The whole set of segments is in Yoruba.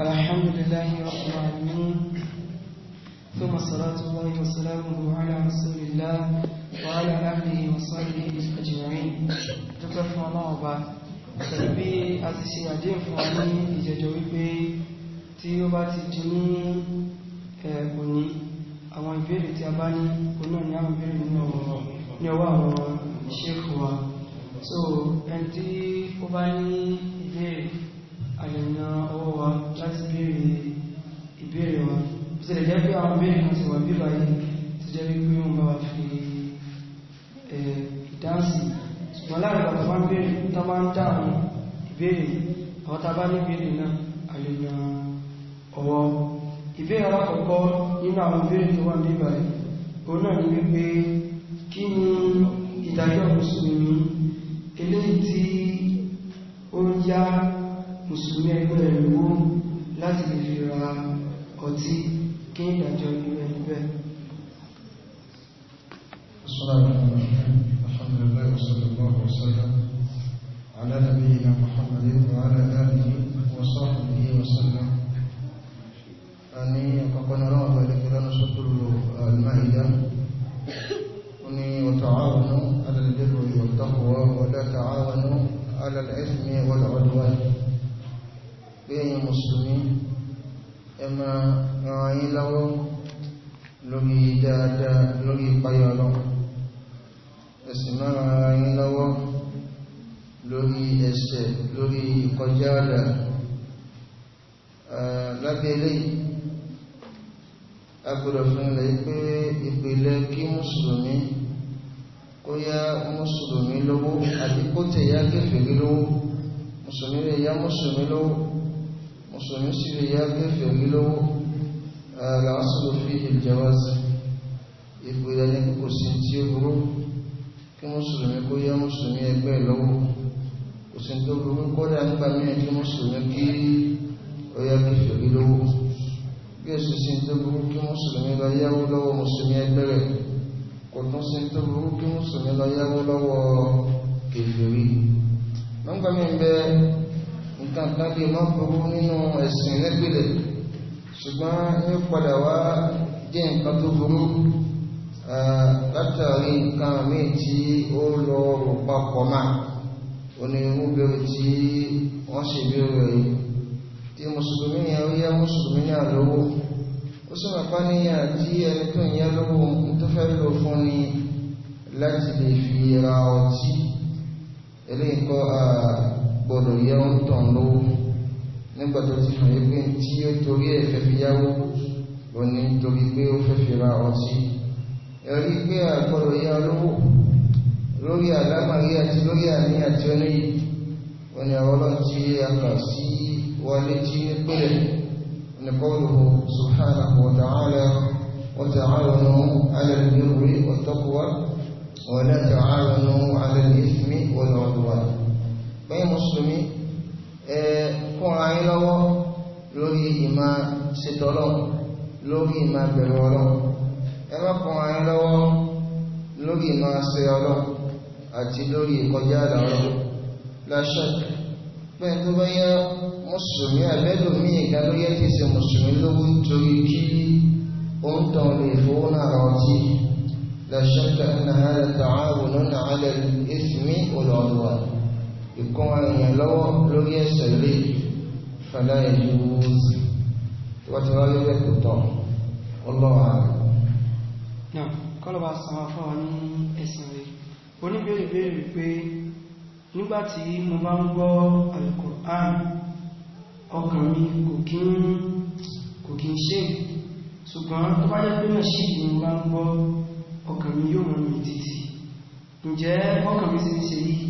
الحمد لله رب العالمين ثم صلاة الله وسلامه على رسول الله وعلى أهله وصحبه أجمعين تكفى الله أبا tẹ̀lébí a ti ṣe àdé fún wa ní ìjẹjọ wípé tí ó bá ti di ní ẹ̀kùn ní àwọn ìbéèrè tí a bá ní oná ní àwọn ìbéèrè ní ọwọ́ àwọn ṣéfù wa so ẹni tí ó bá ní ìbéèrè àyẹ̀nà ọwọ́ wa láti béèrè ìbéèrè wa bí tẹ̀lẹ̀ jẹ́ pé àwọn béèrè kan ti wà bí báyìí tó jẹ́ wípé wọ́n bá wa fi ìdáǹsì ṣùgbọ́n láàrin bàbá bá ń béèrè tó bá ń dá àwọn ìbéèrè àwọn tá a bá ní béèrè náà àyẹ̀nà ọwọ́ ìbéèrè alákọ̀ọ́kọ́ nínú àwọn béèrè tó wà ní báyìí òun náà ni wípé eléyìí tí ó ń yá mùsùlùmí ẹgbẹ́ rẹ̀ wó láti lè fi ra ọtí kí ìdájọ́ ní ẹgbẹ́ على نبينا محمد وعلى آله وصحبه وسلم أني فقنا رغب لكذا نشكر المائدة أني وتعاونوا على البر والتقوى ولا تعاونوا على الإثم والعدوان pé ẹ̀yin mùsùlùmí ẹ máa ràn yín lọ́wọ́ lórí dáadáa lórí ìpayọ̀ ọlọ́run ẹ sì máa ràn yín lọ́wọ́ lórí ẹ̀ṣẹ̀ lórí ìkọjá àdá lábẹ́ eléyìí agbọ́dọ̀ fún ilẹ̀ pé ìpìlẹ̀ kí mùsùlùmí kó yá mùsùlùmí lówó àti kó tẹ̀yà kẹfẹ̀ẹ́ lówó mùsùlùmí lè yá mùsùlùmí lówó mùsùlùmí sì lè yá gẹ́fẹ̀ onílówó aláàsùlò fi ìjẹwàsí ìpìlẹ̀ ní kò sí tí ó burú kí mùsùlùmí kó yá mùsùlùmí ẹgbẹ́ lọ́wọ́ kò sí tó burú kódà nígbà mìíràn kí mùsùlùmí kí ó yá gẹ́fẹ̀ onílówó bí èsì sí tó burú kí mùsùlùmí lọ yáwó lọ́wọ́ mùsùlùmí ẹgbẹ́ rẹ̀ kò tún sí tó burú kí mùsùlùmí lọ yáwó lọ́wọ́ kèfèrí nígbà mìíràn kankan bí má burú nínú ẹ̀sìn lẹ́gbẹ̀lẹ̀ ṣùgbọ́n ní padà wá jẹ́ nǹkan tó burú látàrí nǹkan míì tí ó lọ rò papọ̀ máa onírúbẹ̀rẹ̀ tí wọ́n ṣe bẹ̀rẹ̀ yìí tí mùsùlùmí ni ó yá mùsùlùmí ní àlówó ó sì rọ̀pá níyà tí ẹni tó ń yá lówó tó fẹ́ lò fún ni láti lè fi ra ọtí eléyìí gbọ́dọ̀ yẹ ń tàn lówó nígbà tó ti hàn pé tí ó torí ẹ̀ fẹ́ fi yáwó ló ní torí pé ó fẹ́ fi ra ọtí ẹ̀rí pé àgbọ́dọ̀ yá lówó lórí àlámàrí àti lórí àní àti oníyì wọn ni àwọn ọlọ́run ti a sí wọlé tí nípìnlẹ̀ نقوله سبحانه وتعالى وتعاونوا على البر والتقوى ولا تعاونوا على الإثم والعدوان pẹ̀yìn mùsùlùmí fún ayé lọ́wọ́ lórí ìmá ṣetọ́lọ́ lórí ìmá bẹ̀rù ọlọ́ ẹwà fún ayé lọ́wọ́ lórí ìmá ṣe ọlọ́ àti lórí ìkọjá àlọ́rọ̀ láṣọ́k pẹ̀lú tó bá yá mùsùlùmí àbẹ́lòmí ìgbà ló yẹ ṣe mùsùlùmí lówó nítorí kí òun tàn lè fowó náà rọ̀ ọtí لا شك أن هذا تعاون على الإثم والعدوان ìkún ẹ̀yàn lọ́wọ́ lórí ẹ̀ṣẹ̀ lè fẹ́lá ìlú oòsì tí wọ́n ti wá lórí ẹ̀kọ́ tọ̀ ọlọ́wà náà kọ́lọ́bà sanwó fún ọ ní ẹ̀sìn rẹ̀ oníbèrè béèrè pé nígbàtí mo bá ń gbọ́ Al-Qur'an ọkàn mi kò kí ń kò ṣùgbọ́n tó bá jẹ́ pé náà ṣì bá ń gbọ́ ọkàn mi yóò mọ̀ mi ǹjẹ́ ọkàn mi sì ń ṣe yìí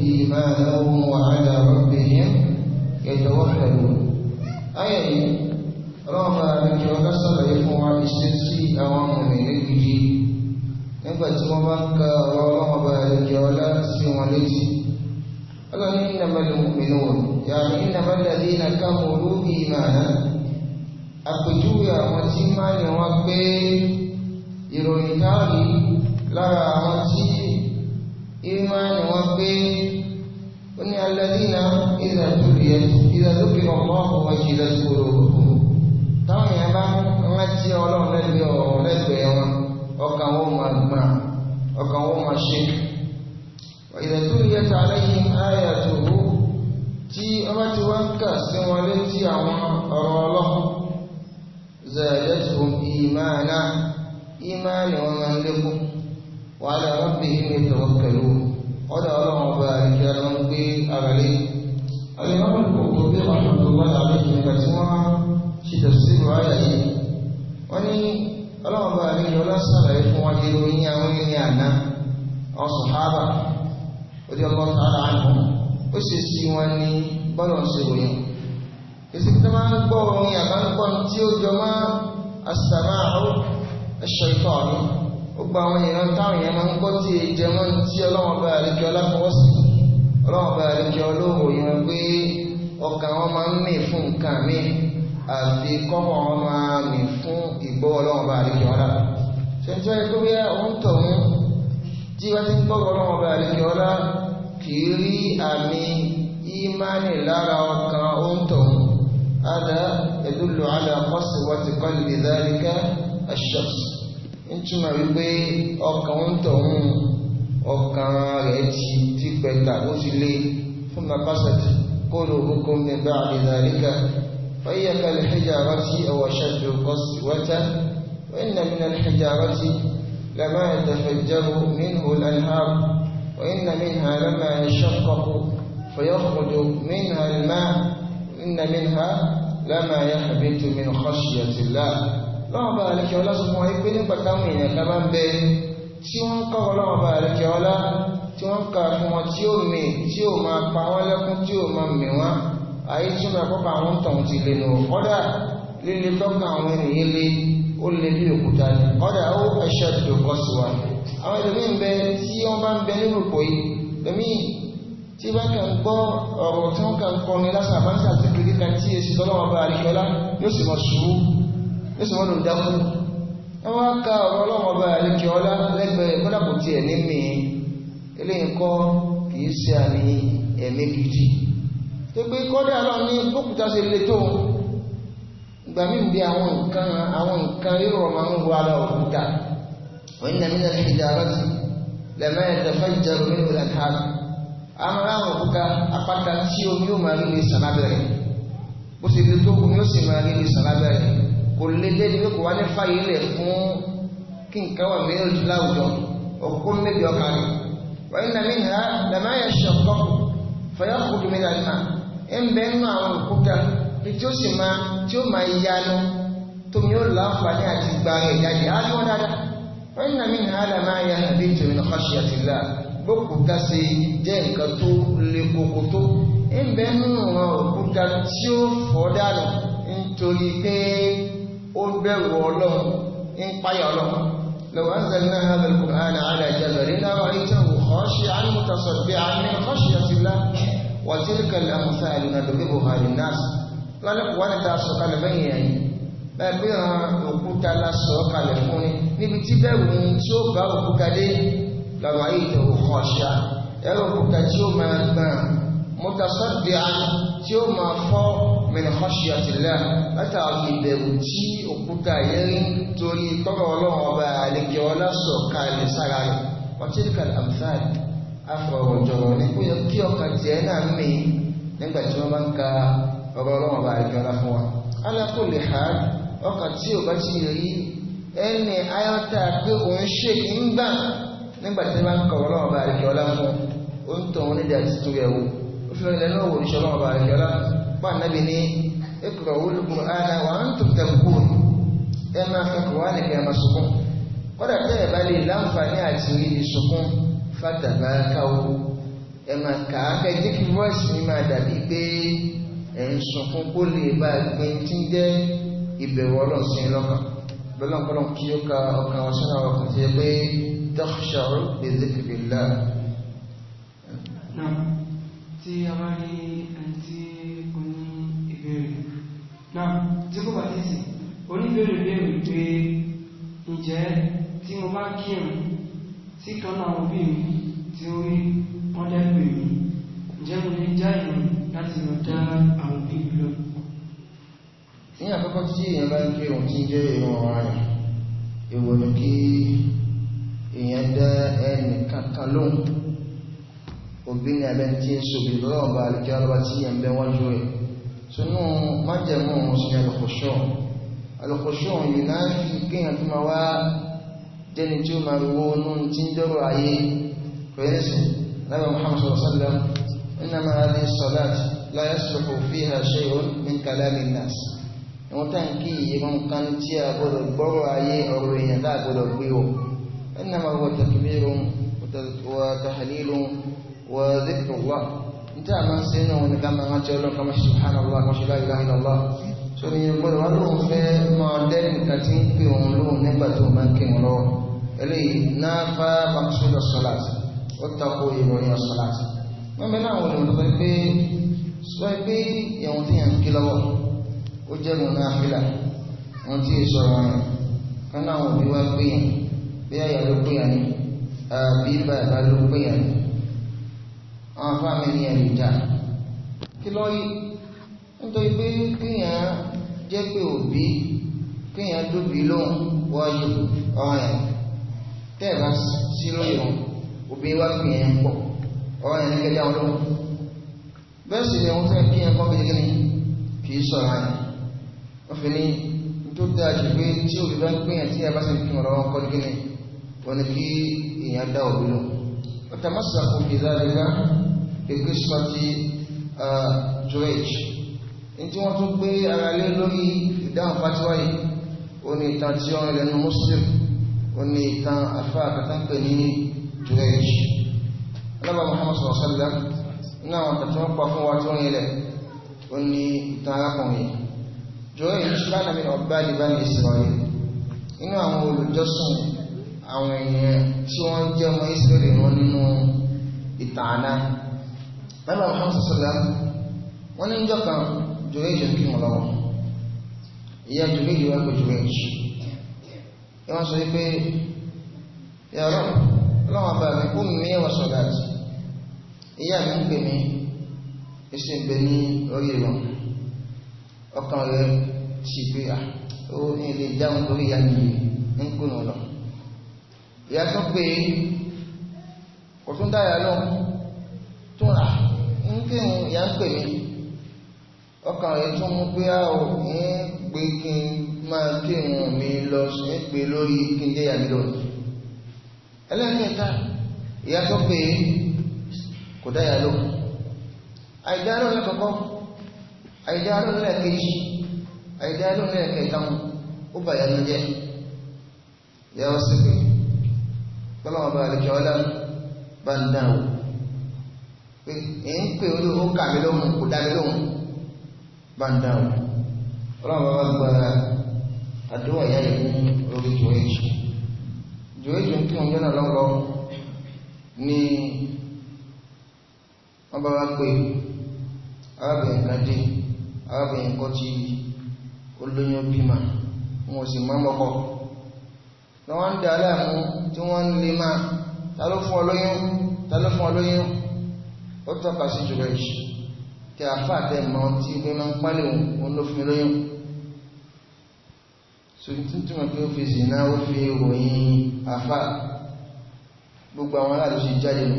إيمانهم وعلى ربهم يتوكلون أي رغم أنك وكسر يفوع السنسي أو من الجديد nígbà tí wọ́n bá ń ka ọ̀rọ̀ ọlọ́wọ́ bá ẹ̀jẹ̀ ọlá sí wọn létí ọlọ́ni ìnàmọ́lẹ̀ mìíràn yàrá ìnàmọ́lẹ̀ lè nà ká mọ̀ lórí ìmàna àpèjúwe àwọn tí máa ní wọn pé ìròyìn táàrí lára àwọn tí ìmánì wọn pé ó ní alẹ́dínà ìdàdókè ọmọ ọmọ ìṣẹ̀lẹ̀ ìṣòro táwọn èèyàn bá rántí ọlọ́run lẹ́gbẹ̀ẹ́ ọ̀rọ̀ lẹ́gbẹ̀ẹ́ wọn ọkàn wọn máa gbà ọkàn wọn máa ṣe ìdàdókè aláyé ayàtòwó tí ọba ti wá kà sí wọn létí àwọn ọ̀rọ̀ ọlọ́run zẹ̀ẹ́dẹ́tùn ìmáàná ìmáàní wọn máa lékún وعلى ربهم يتوكلون ọ̀dọ̀ ọlọ́run ọba ìjẹ́ lọ ń gbé ara lé alẹ́mọ́bùn kò tó bí ọ̀ṣọ̀tọ̀lọ́dà àlejò nígbà tí wọ́n ṣe tẹ̀sí ìwáyà yìí wọ́n ní ọlọ́run ọba àlejò ọlọ́sàlàyé fún wọn yìí lórí ní àwọn ilé àná ọ̀sùn hábà ó dé tààrà àná ó ṣe sí wọn ní bọ́lọ̀ ṣe ròyìn èsì tó máa ń gbọ́ orin àbánugbọ́n tí ó jọ mọ́ gbogbo àwọn èèyàn táwọn èèyàn máa ń gbọ́ tí èyí jẹ mọ́ tí ọlọ́wọ́n bá àríkẹ́ ọláfọwọ́sí ọlọ́wọ́n bá àríkẹ́ olóòwò yẹn pé ọkàn wọn máa ń mì fún nǹkan mi àti kọ́kọ́ wọn máa mì fún ìgbọ́ ọlọ́wọ́n bá àríkẹ́ ọlá ṣe tí bí òun tọ̀hún tí wọ́n ti gbọ́ ọlọ́wọ́n bá àríkẹ́ ọlá kì í rí àmì ìmánì lára ọkàn òun tọ̀hún هذا يدل على قسوة قلب ذلك الشخص nítumọ̀ wípé ọkàn ń tọ̀hún ọkàn rẹ̀ ti ti pẹ̀ta ó ti lé fún mapasati kóòlù hukum mi bá sí àdìdàríkà fayyaká alhijarati aw ashaddu qaswatan wa inna min alhijarati lama yatafajjaru minhu al-anhar wa inna minha lama yashaqqaqu فيخرج منها الماء إن منها لما يحبط من خشية الله lọ́wọ́ bá àlẹ́kẹ́ ọlá sọ fún wa pé nípa táwọn èèyàn kan bá ń bẹ tí wọ́n kọ́ ọlọ́wọ́ bá àlẹ́kẹ́ ọlá tí wọ́n kà fún wọn tí ó mì tí ó máa pa wọ́n lẹ́kún tí ó máa mì wọ́n ayé tí wọ́n kọ́kọ́ àwọn tọ̀hún ti lè nù ọ́dà líle tọ́ka àwọn ènìyàn lé ó lè bí òkúta ní ọ́dà ó ẹ̀ṣẹ́ tó kọ́ sí wa àwọn ẹlòmí ń bẹ tí wọ́n bá ń bẹ nínú ìpò yìí lòmí tí bá kàn gbọ́ ọ̀rọ̀ tí wọ́n kàn kọ́ ni lásán àbáńsà ti kiri kan tí èsì tọ́lọ́wọ́ bá àríkọ́lá yóò sì mọ̀ sùúrù nísìwọ́n ló dá fún ẹwọ́n ká ọ̀rọ̀ ọlọ́wọ́ bá àlékẹ́ ọlá lẹ́gbẹ̀ẹ́ kọ́dà kò tiẹ̀ ní mi eléyìí kọ́ kìí ṣe àmì ẹ̀mí gidi tó pé kọ́dà lọ ní bókúta ṣe lè tó ìgbà mí bí àwọn nǹkan àwọn nǹkan rírọ̀ máa ń wọ ara òkúta wọ́n ní àmìnà ní ìdárọ́tì lẹ́mọ́ ẹ̀dẹ̀fẹ́ ìjẹun nínú ìlànà àwọn àwọn omi ó máa rí ní sàlábẹ̀rẹ̀ bó ṣe omi ó kò lè dé ibi kò wá ní fàyè lẹ̀ fún kí nǹkan wà méjì láwùjọ òkú méjì ọkà ni wọ́n ní àmì ìhà lẹ́mọ̀ ayẹ ṣọ̀kọ́ fọyọ́ kùdù mi là nà ń bẹ nínú àwọn òkúta bí tí ó sì máa tí ó máa yanu tómi ó láǹfààní àti gba rẹ̀ jáde á ní dáadáa wọ́n ní àmì ìhà lẹ́mọ̀ ayẹ àbí ìtòmí ní kọ́ṣì àti ìlà gbókùúta ṣe jẹ́ nǹkan tó le koko tó ń bẹ nínú àwọn òkúta tí ó fọ́ dànù nítorí pé ó bẹ̀rù ọlọ́run ń páyà ọlọ́run lọ́wọ́ ń zẹ̀lẹ́ náà hàn lẹ́kùn àná àlẹ́ ìjẹ́lẹ̀ rí náà rí tẹ́ wò kọ́ ṣe àmútasọ̀ bí àmì kọ́ ṣe ti lá wà tí ó kẹlẹ̀ àmúta ìlúna lórí buhari náà lálẹ́kùn wá ní ta sọ kalẹ̀ lẹ́yìn ẹ̀yìn bẹ́ẹ̀ bí ran máa gbọ̀n mútasọ̀ bí tí ó máa fọ́ min khashyati Allah látàrí ìbẹ̀rù tí òkúta yẹn rí torí tọ́rọ ọlọ́run ọba àlejò ọlásọ̀ kalẹ̀ sára rẹ̀ ọtíríkà amthal afọ̀rọ̀jọ̀rọ̀ ní kó yẹ kí ọkàn tiẹ̀ náà mì nígbà tí wọ́n bá ń ka ọ̀rọ̀ ọlọ́run ọba àlejò ọlá fún wa. ala kulli hal ọkàn tí ò bá ti rí bá nábi ní ikra olùkùn ara wà ń tó tẹ̀kù ẹ máa fi kọ̀ wá nìkẹ́ ẹ máa sọkún kọ́dà tẹ́ ẹ bá lè láǹfààní àti ìlú sọkún fàtàbà káwó ẹ máa kà á kẹ́ jẹ́ kí voice mi máa dàbí pé ẹ̀ ń sọkún kó lè bá gbin tí ń jẹ́ ìbẹ̀wò ọlọ́sìn lọ́kàn lọ́lọ́pọ̀lọ́ kí ó ka ọkàn wọn sọ́nà ọkàn tí ó pé tọ́ṣàrù lè zikrillah. náà tí a bá rí ẹni náà tí kò bá tẹ́sì oníbèrè bèrè pé ǹjẹ́ tí mo bá kírun tí kan mi tí ó rí wọ́n mi lọ ní àkọ́kọ́ tí èèyàn bá ń kírun tí jẹ́ ìrun ọ̀rọ̀ rẹ̀ èwò ní kí èèyàn dá ẹni kankan lóhùn ni abẹ́ni tí ń ṣòbí lọ́wọ́ bá àríkẹ́ sínú májẹ̀mú sí alùkòṣọ́ alùkòṣọ́ yìí náà fi kíyàn tó máa wá jẹni tí ó máa wo inú tí ń dọ́rọ̀ ayé kòyẹ́sì lábẹ́ Muhammad sallam innama hadhihi as-salat la yasluhu fiha shay'un min kalamin nas ìwọ́n tàn kí ìran kan tí a gbọ́dọ̀ gbọ́rọ̀ ayé ọ̀rọ̀ èèyàn láà gbọ́dọ̀ gbé o innama huwa takbirun wa tahlilun wa dhikrullah níta àmà ń sẹ́yìn àwọn nìkan máa rántí ọlọ́run kọ́mọ̀ ṣe ṣùgbọ́n àwọn àwọn ṣe láìlá ìlọ́lá tó ní gbọ́dọ̀ wọn lóun fẹ́ máa dẹ́rù nǹkan tí ń pè òun lóun nígbà tó máa ń kí wọn lọ́wọ́ eléyìí náà fá maksúdọ̀ sọ́làt ó tako ìròyìn sọ́làt wọ́n bẹ náà wọn lọ́wọ́ pé sọ pé ìwọ̀n tí yàn ń kí lọ́wọ́ ó jẹ́ wọn náà fìlà wọn tí ì sọ̀rọ̀ yẹn kán náà bí wá pé yàn bí àyà pé yàn ni àbí bàbá ló pé yàn ni àwọn afáàmì ní ẹ̀rù ìjà kí lọ́ yí nítorí pé kíyàn jẹ́ pé òbí kíyàn dóbi lóhùn wọ́ọ̀yì ọ̀rẹ́ tẹ́ẹ̀bá sí lóyè wọn òbí wá kíyàn pọ̀ ọ̀rẹ́ ní kẹjá wọn lóhùn bẹ́ẹ̀ sì ni wọ́n fẹ́ kíyàn kọ́ bíi kíni kì í sọ̀rọ̀ àyè wọ́n fi ní tó dáa jù pé tí òbí bá ń pèyàn tí ẹ bá sì kí ọ̀rọ̀ ọkọ̀ kíni wọn ni kí èèyàn dá òbí lóhùn ọ̀tàmọ́sàkó kì í dáa ìgbésùmọ̀tí George in tí wọ́n tún gbé ara lé lórí ìdáhùn fatiwa yìí ó ní ìtàn tí ó ń rẹ̀ ní Muslim ó ní ìtàn afá àkàtàpẹ̀ ní George alábà Muhammad sallallahu alaihi wasallam ní àwọn tàbí wọ́n pa fún wa tó rìnlẹ̀ ó ní ìtàn arákùnrin George lánàá ọgbà ìbá ní Israel inú àwọn olùjọ́sìn àwọn èèyàn tí wọ́n jẹ́ ọmọ Israel wọn nínú ìtàn náà lẹ́bàá Muhammad sọ́sọ́lá wọ́n ní ìjọ kan jùrẹ́jì ń kí wọn lọ́wọ́ ìyá jùrẹ́jì wọ́n pè jùrẹ́jì ẹ wọ́n sọ wípé yàrá ọlọ́wọ́n bá mi kú mi wọ́n sọ láti ìyá mi ń pè mí èsì ń pè ní orí wọn ọkàn rẹ̀ sì pé à ah, ó ní ilé ìdáhùn lórí ìyá mi ń kùnà lọ ìyá tó pé kò tún dáyà lọ tó rà ń kírun ìyá ń pè mí ọkàn rẹ̀ tún mú pé a ò ń pé kí n máa kírun mi lọ sí pé lórí kí n déyà mi lọ ẹlẹ́kẹta ìyá tó pé kò dáyà ló àìdáàlú lẹ́kọ̀ọ́kọ́ àìdáàlú lẹ́kẹ̀ẹ́jì àìdáàlú lẹ́kẹ̀ẹ́ta ó bàyà ní jẹ́ ìyá ó sì pé bọ́lá wọn bá àlejò ọlá bá ń dáhùn Eh, eh, pé ẹ ń pè ó ó kà mí lóhun kò dá mi lóhun bá ń dáhùn ọlọ́run bá bá gba àdúrà ìyá yìí fún orí jòwéjì jòwéjì ń kí wọn jọ́nà lọ́wọ́ wọ́n bá wá pé arábìnrin kan arábìnrin kan olóyún bímọ wọn sì mọ́kọ́ ó tọ́ka sí jùlọ ìṣù tí a fà tẹ́ mọ́ tí gbé máa ń pálẹ̀ òun ló fi lóyún so túnmọ̀ pé ó fi zìnà ó fi ròyìn àfà gbogbo àwọn aláàdúsí jáde nù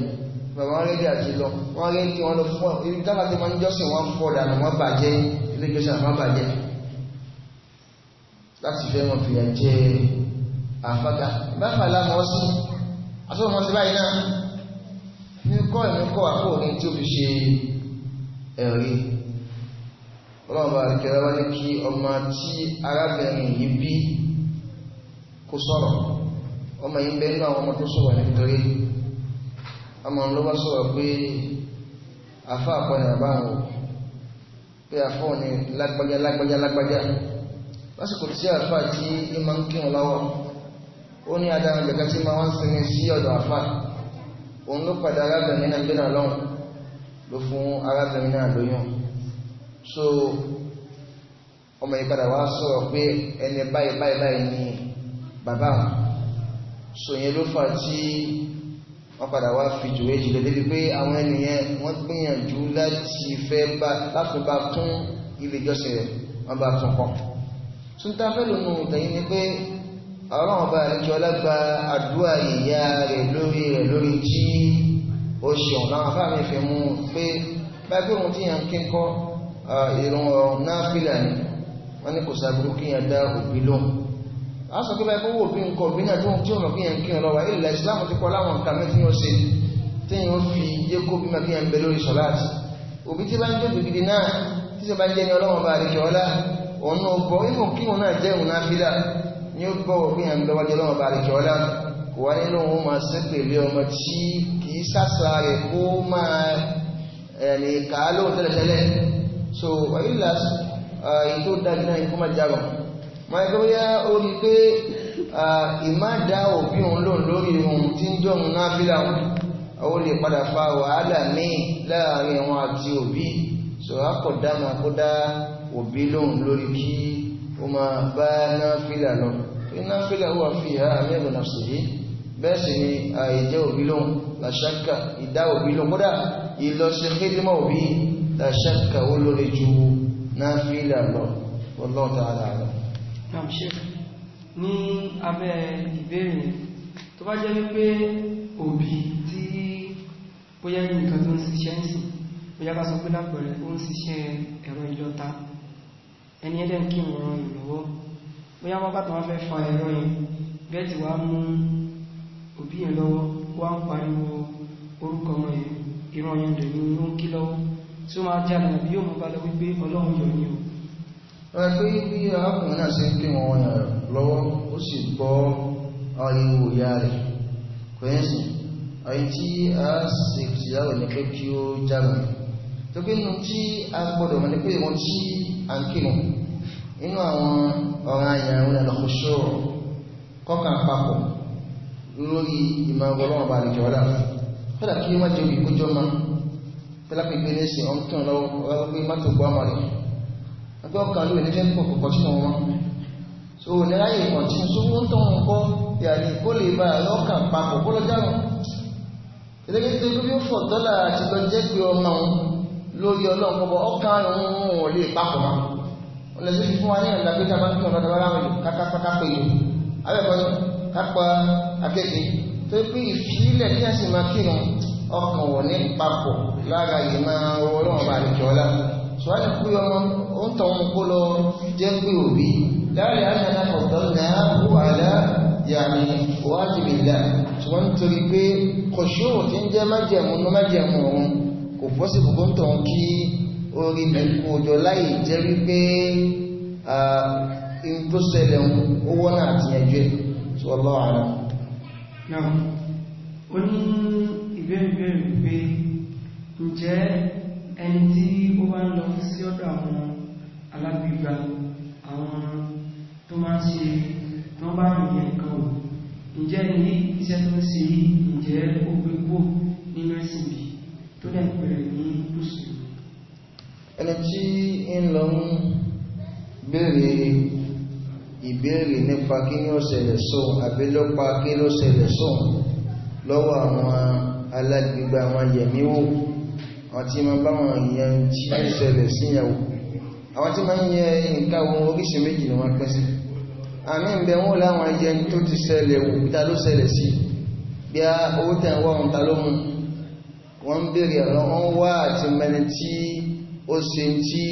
bàbá wọn rédí àti lọ wọn rí kí wọn lọ fún ibi dábàá tí wọn jọ́sìn wọn fọ́ dànù wọn bàjẹ́ ilé ìjọsìn àwọn bàjẹ́ láti fẹ́ wọn fìyà jẹ àfàgà báfà lámọ́ sí àtọ́wọ́n sí báyìí náà ní kọ́ ìní kọ́ àpò ní tí ó fi ṣe ẹ̀rí ọlọ́ọ̀bá àríkẹ́lá wá ní kí ọmọ tí arábìnrin yìí bí kó sọ̀rọ̀ ọmọ yìí bẹ́ẹ̀ nínú àwọn ọmọ tó sọ̀rọ̀ nítorí ọmọ ló bá sọ̀rọ̀ pé àfá àpọ̀nà àbáhùn pé àfọ́ ní lágbájá lágbájá lágbájá lásìkò tí àfá tí ìmọ̀ ń kírun lọ́wọ́ ó ní adára jẹ̀ká tí máa wá ń sinmi sí ọ̀dọ̀ àfá òun ló padà arábìnrin náà gbé náà lọ́hùn ló fún arábìnrin náà lóyún so ọmọ yìí padà wá sọ̀rọ̀ pé ẹni báyìí báyìí báyìí ni bàbá wọn so yẹn ló fà tí wọ́n padà wá fi jùwé jùlọ débi pé àwọn ènìyàn wọ́n gbìyànjú láti fẹ́ bá láti bá tún ilé ìjọsìn rẹ̀ wọ́n bá tún kọ́ tún tá fẹ́ lónìí ìtẹ̀yìn ni pé ọ̀rọ̀ ọba àlejò ọlọ́gba àdúrà ìyá rẹ̀ lórí rẹ̀ lórí tí ó ṣeun láwọn afáàmì fi mú pé báyìí ohun tí yàn kíkọ́ ìrùn ọ̀rùn náà fìlà ni wọ́n ní kò sàbúrú kí yàn dá òbí lóhùn a sọ pé báyìí owó òbí nǹkan òbí náà tóhun tí ó mọ̀ kí yàn kíyàn lọ́wọ́ ilẹ̀ ìsìláàmù ti kọ́ láwọn nǹkan mẹ́tí yàn ṣe tí yàn fi yé kó bí mẹ́kí yàn bẹ lórí sọ̀láàtì òbí tí bá ń jókòó gidi náà tí sì bá ń jẹ́ ní ọlọ́wọ́n bá àdìkẹ́ ọlá òun náà bọ́ ní ó gbọ́ òfin ẹ̀ ń lọ́wọ́ jẹ́ lọ́wọ́ balẹ̀ jọ náà kò wá nínú òun máa ṣe pèlè ọmọ tí kì í sàṣà rẹ̀ kó máa ẹ̀nì kà á tẹ́lẹ̀tẹ́lẹ̀ so wàhálà ètò dájú náà ikú máa jarọ̀ máa gbé bóyá ó rí pé ìmáàdá òbí òun lòun lórí ohun tí ń jọ òun náà fílà so a kò dá máa kó dá òbí lòun lórí kí ó máa bá náà fílà lọ iná fílẹ̀ wà fi ha àmìrù nàfsìdí bẹ́ẹ̀ sì ni àìjẹ́ òbí lóhun làṣákà ìdá òbí lóhun kódà ìlọsí kéjìmọ̀ òbí làṣákà ó lórí ju náà fílẹ̀ lọ ọlọ́ta aláàrẹ ní abẹ́ ìbéèrè tó bá jẹ́ wípé òbí tí bóyá nǹkan tó ń ṣiṣẹ́ ń sìn bóyá bá sọ pé lápẹ̀rẹ̀ ó ń ṣiṣẹ́ ẹ̀rọ ìlọ́ta ẹni ẹ̀dẹ̀ ń kí ìwọ̀n ìrànlọ́wọ́ bóyá wọ́n bá tàwọn fẹ́ fa ẹ̀rọ yẹn gẹ́ẹ̀tì wá mú òbí yẹn lọ́wọ́ wá ń pariwo orúkọ ọmọ yẹn ìran yẹn dẹ̀ ní ó ń kí lọ́wọ́ tí ó máa jẹ́ àdànà bí yóò mú balẹ̀ wípé ọlọ́run yọ ni o. ẹ pé bí arákùnrin náà ṣe ń pè wọn yàn lọ́wọ́ ó sì gbọ́ ariwo ìyá rẹ̀ kò yẹn sìn àyè tí a sì ṣìyàwó ní pé kí ó jáde tó pé nínú tí a gbọ́dọ̀ mọ̀ ní pé wọ́n tí à ń kírun inú àwọn ọ̀ràn ìyàwó ẹ̀lọ́kọ̀ṣọ́ kọ́kàn papọ̀ lórí ìmọ̀ ọlọ́run bá àlejò ọ̀la kódà kí wọ́n jẹ́ ìkójọ́ ma pẹ́lápẹ́gbẹ́ ní ṣe ọ̀ntàn lọ́wọ́ ọ̀rọ̀ pé má tó gbọ́ àmọ́ so ní ráyè kan tí so wọ́n tó ń kọ́ yàní kó lè bá ọlọ́kàn papọ̀ kó lọ́jà rọ̀ ẹ̀lẹ́gbẹ́ tó bí ó fọ̀ dọ́là àti lọ jẹ́ pé ọmọ lórí ọlọ́run ọkàn òun lè papọ̀ mọ́ lọ́sí fífún wa ní ọ̀dà pé tábà ń kí ọ̀dà bára wọn kápá kápá yìí abẹ́kọ̀ọ́ ní kápá akéde tó pé ìfìlẹ̀ kí a sì máa kírun ọkàn wọ̀ ní papọ̀ lára yìí máa wọ ọlọ́run bá àlejò ọ̀la ṣùgbọ́n àti pé ọmọ ó ń tọ̀wọ́n kó lọ jẹ́ pé òbí láàrin àṣàlá ọ̀dọ́ náà wà lá yàmì wájìbì dà ṣùgbọ́n nítorí pé kọ̀ṣọ́ òfin jẹ́ májẹ̀mú ní májẹ̀mú òun kò bọ́sibù kó ń tọ̀wọ́n kí orí ẹ̀kú òjò láì jẹ́ wípé in tó ṣẹlẹ̀ owó náà àti ẹjọ́ ẹ̀ tó ọlọ́wà rẹ̀. náà ó ní ìbẹ̀rẹ̀ pé ǹjẹ́ ẹni tí ó bá ń lọ sí ọ̀dọ̀ àwọn alágbègbà àwọn tó máa ṣe tó bá rìn yẹn kan ò ǹjẹ́ ní iṣẹ́ tó ń ṣe ǹjẹ́ ó gbé kó nínú ẹ̀sìn bí tó dẹ̀ pẹ̀rẹ̀ ní mùsùlùmí ẹni tí ń lọ ń béèrè ìbéèrè nípa kí ní ọ̀sẹ̀lẹ̀ sọ àbí lọ́pa kí ló ṣẹlẹ̀ sọ lọ́wọ́ àwọn alágbègbè àwọn yẹ̀míwò àwọn tí ma bá wọn yẹn tí ó ṣẹlẹ̀ síyàwó àwọn tí ma ń yẹ nǹkan ohun oríṣi méjì ni wọ́n pẹ́ sí àmì ìbẹ̀ wọ́n láwọn yẹn tó ti ṣẹlẹ̀ wò ta ló ṣẹlẹ̀ sí bí a owó tẹ̀ wọ́n ta ló mú wọ́n ń ọ̀rọ̀ wọ́n wá àti mẹni tí ó ṣe tí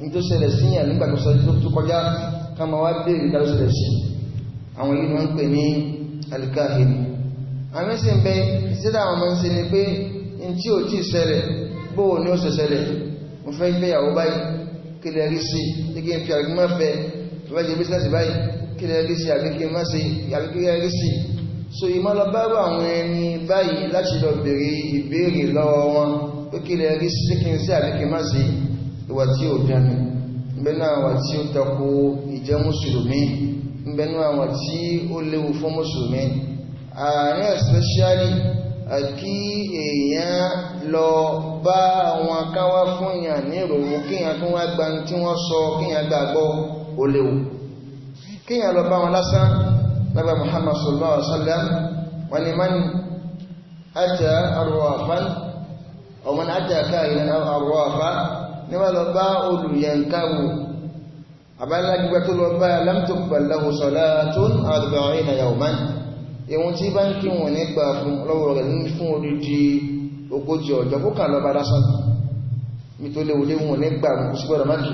ní tó ṣẹlẹ̀ sí yàn nígbà tó sọ tó kọjá ká wá bèèrè dá ṣẹlẹ̀ sí àwọn yìí wọ́n pè ní alikahin àmì sì bẹ ìṣẹ́dá àwọn ọmọ ń ṣe ni pé in tí ò tí ṣẹlẹ̀ bóò ni ó ṣe ṣẹlẹ̀ mo fẹ́ fẹ́ ìyàwó báyìí kí lè rí sí i kí n fi àgbẹ̀mọ́ fẹ́ tó bá jẹ bísíǹsì báyìí kí lè rí sí i àbí kí n má ṣe àbí kí lè rí àwọn ẹni báyìí láti lọ bèèrè ìbéèrè lọ́wọ́ wọn pé kí lè rí sí kí n sí àríkì má sí ìwà tí ó dánù ìbẹ̀nú àwọn tí ó tako ìjẹ́ mùsùlùmí ìbẹ̀nú àwọn tí ó léwu fún mùsùlùmí àárín especially kí èèyàn lọ bá àwọn káwá fún èèyàn ní ìròwò kíyàn tó wá gba tí wọ́n sọ kíyàn gbàgbọ́ ó léwu kíyàn lọ bá wọn lásán lábẹ́ Muhammad sallallahu alaihi wasallam wọn ni man ata arwafan ọmọ látàkà ìrìnà àwọ̀ àbá níwà lọ bá olùyẹnkáwò àbálágbígbà tó lọ bá lámtòkùbàláwò sọ̀lá tó ń àdùbàrin àyàwòmán ìwọ̀n tí bá ń kí wọn nígbà fún lọ́wọ́ rẹ̀ ní fún orídi ogójì ọjọ́ kó kà lọ bá dásán nítorí olé wọn nígbà kò sí gbọ́dọ̀ mákì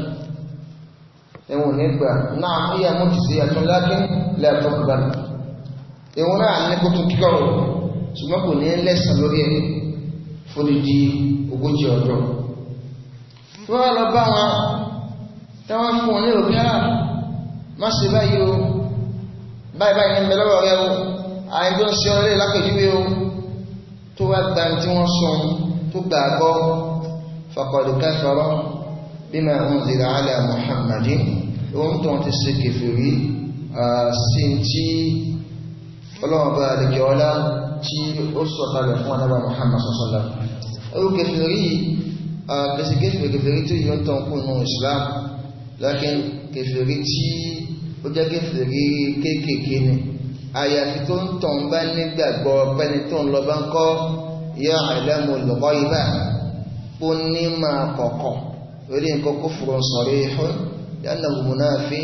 ẹ̀wọ̀n nígbà náà kí a mọ́kì ó lè di ogójì ọjọ́ wọ́n wá lọ bá wọn táwọn fún wọn ní òfin ara ah, má ṣe báyìí o báyìí báyìí ní mẹlọ́wọ́ rẹ o àìjọ ṣe ọrẹ́ lápẹ̀júwé o tó wá gba tí wọ́n sọ tó gbà gbọ́ faqad kafara bima unzila ala Muhammadin òun tó wọn ti ṣe kèfèrí sí ti ọlọ́wọ́n bá àlejò tí ó sọ̀kalẹ̀ fún anábà Muhammad sọ̀sọ̀lá orú kẹfẹ̀rí kẹsìkẹfẹ̀ kẹfẹ̀rí tí yóò tán kú nù Islam lákín kẹfẹ̀rí tí ó jẹ́ kẹfẹ̀rí kéékèèké ni àyàfi tó ń tàn bá nígbàgbọ́ pẹ́ni tó ń lọ bá ń kọ́ yá àìlẹ́mù lọ́kọ́ ibà ó ní máa kọ̀kọ̀ orí nǹkan kó fúrọ̀ sọ̀rọ̀ ìhún lẹ́nà òmùnà fi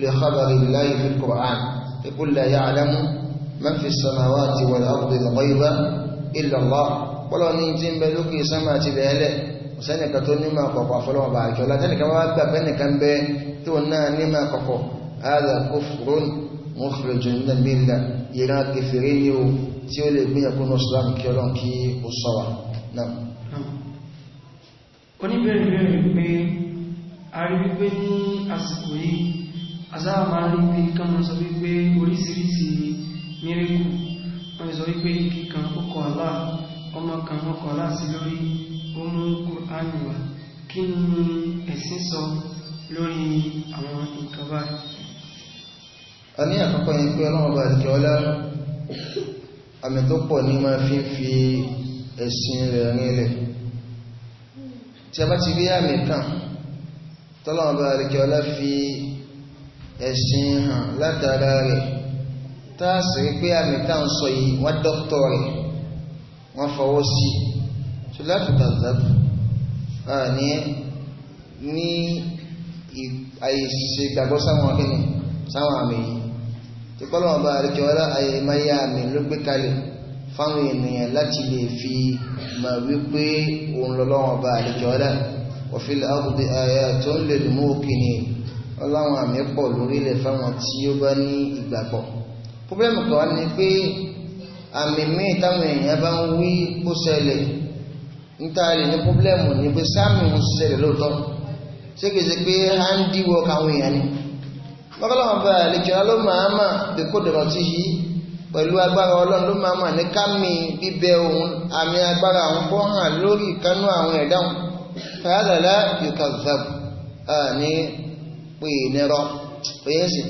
lè xabarí láyé fi kọ̀ọ̀án man fi samawati wal ardi al-ghayba illa Allah pọ́lọ́ ní tí ń bẹ lókè sánmà àti bẹ̀ẹ́lẹ̀ sẹ́nìkan tó ní máa kọ̀kọ̀ àfọlọ́wọ́ bá àjọ látẹ́nìkan wá gbà bẹ́nìkan bẹ tó náà ní máa kọ̀kọ̀ hādhā kufrun mukhrijun min al-millah ìran kẹfìrí ni o tí ó lè gbìyànjú ní islam kí ọlọ́run kí ó sọ wa náà. oníbẹ̀rẹ̀ pé a rí wípé ní àsìkò yìí azáàmà rí pé kánú sọ wípé oríṣiríṣi mírìkù wọ́n sọ wípé igi kan ó kọ àlá ọmọ kan ó kọ àlá sí lórí ó mú kùránì wá kí ni ẹ̀sìn sọ lórí àwọn nǹkan báyìí. a ní àkọ́kọ́ yẹn pé ọlọ́run bá àdìkẹ́ ọlá àmì tó pọ̀ ní máa fi ń fi ẹ̀sìn rẹ̀ rinlẹ̀ tí a bá ti rí àmì kan tọ́lọ́run bá àdìkẹ́ ọlá fi ẹ̀sìn hàn látara rẹ̀ táàsì pé àmì tá ń sọ yìí wọ́n dọ́kítọ̀ rẹ̀ wọ́n fọwọ́ sí i ṣùgbọ́n àtúntàzàbù ní ní àìṣe ìgbàgbọ́ sáwọn akẹ́ni sáwọn àmì yìí tí kọ́lọ̀ ọba àríkẹ́wọ́lá àyè máyà àmì ló gbé kalẹ̀ fáwọn ènìyàn láti lè fi mà wípé òun lọ́lọ́wọ́ ọba àríkẹ́wọ́lá òfin àbùdí àyà tó ń lè mú òkè ni ọláwọn àmì pọ̀ lórílẹ̀ fáwọn tí ó bá ní ìgbàgbọ́ pọ́blẹ́mù kan wá ní pé àmì míì táwọn èèyàn bá ń wí kó ṣẹlẹ̀ níta lè ní pọ́blẹ́mù ní pé sáàmì ń ṣẹlẹ̀ lóòótọ́ ṣé kìí ṣe pé handi work àwọn èèyàn ni mọ́kànlọ́wọ́n bá àlejò ló máa mà bí kò dọ̀rọ̀ sí yìí pẹ̀lú agbára ọlọ́run ló máa mà ní kámi bíbẹ ohun àmì agbára àwọn kó hàn lórí ìkánú àwọn ẹ̀dáhùn fàyàlàlá yóò kà zàbù ní pè é nírọ̀ pé é sì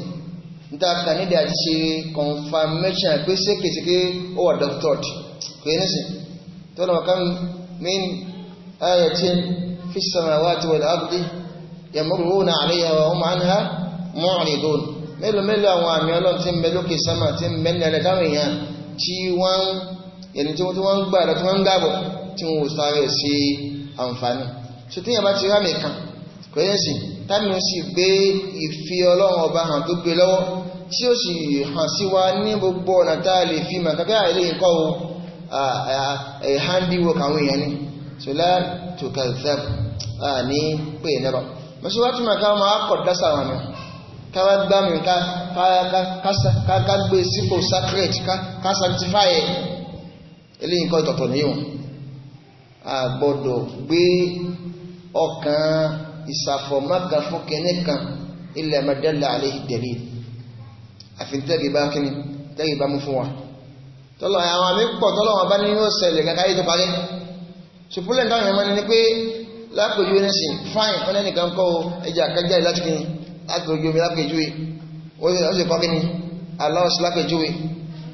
níta kà nídìí àti ṣe confirmation pé sékèsékè ó wà doctored kò yẹ nísìn tó lọ́wọ́ kan min ayatin fi samawati wal ardi yamuruna alayha wa hum anha mu'ridun mélòó mélòó àwọn àmì ọlọ́run tí ń bẹ lókè sámà tí ń bẹ nílẹ̀ táwọn èèyàn tí wọ́n yẹni tí wọ́n ń gbà lọ tí wọ́n ń gbàbọ̀ tí wọ́n ò sáré sí àǹfààní ṣe tí yẹn bá ti rámì kan kò yẹ sí tánú sì gbé ìfi ọlọ́run ọba hàn tó gbé lọ́wọ́ tí ó sì hàn sí wa ní gbogbo ọ̀nà tá a lè fi mọ̀ kàbí àìlè nǹkan o handiwork àwọn èèyàn ni ṣùlá tó kàzẹ́b ní pé ìnẹ́bà mọ́sí wá túnmọ̀ ká máa kọ̀ dásà wọn ni ká wá gbá mi ká gbé sípò sacred ká sanctify ẹ̀ ilé nǹkan ìtọ̀tọ̀ níwọ̀n a gbọ́dọ̀ gbé ọkàn ìsàfọ̀mága fún kẹ́ní kan ilẹ̀ madalla alayhi dalil àfi tẹ́rì bá kíni tẹ́rì bá mú fún wa tọ́lọ̀ àwọn àmì pọ̀ tọ́lọ̀ wọn bá ní yóò ṣẹlẹ̀ kankan yìí tó parí ṣùpúlẹ̀ táwọn èèyàn máa ní pé lápèjú nísìn fáìn fún ẹnìkan kọ́ ẹjà kájá láti kíni lápèjú mi lápèjúwe ó sì kọ́ kíni aláwọ̀sí lápèjúwe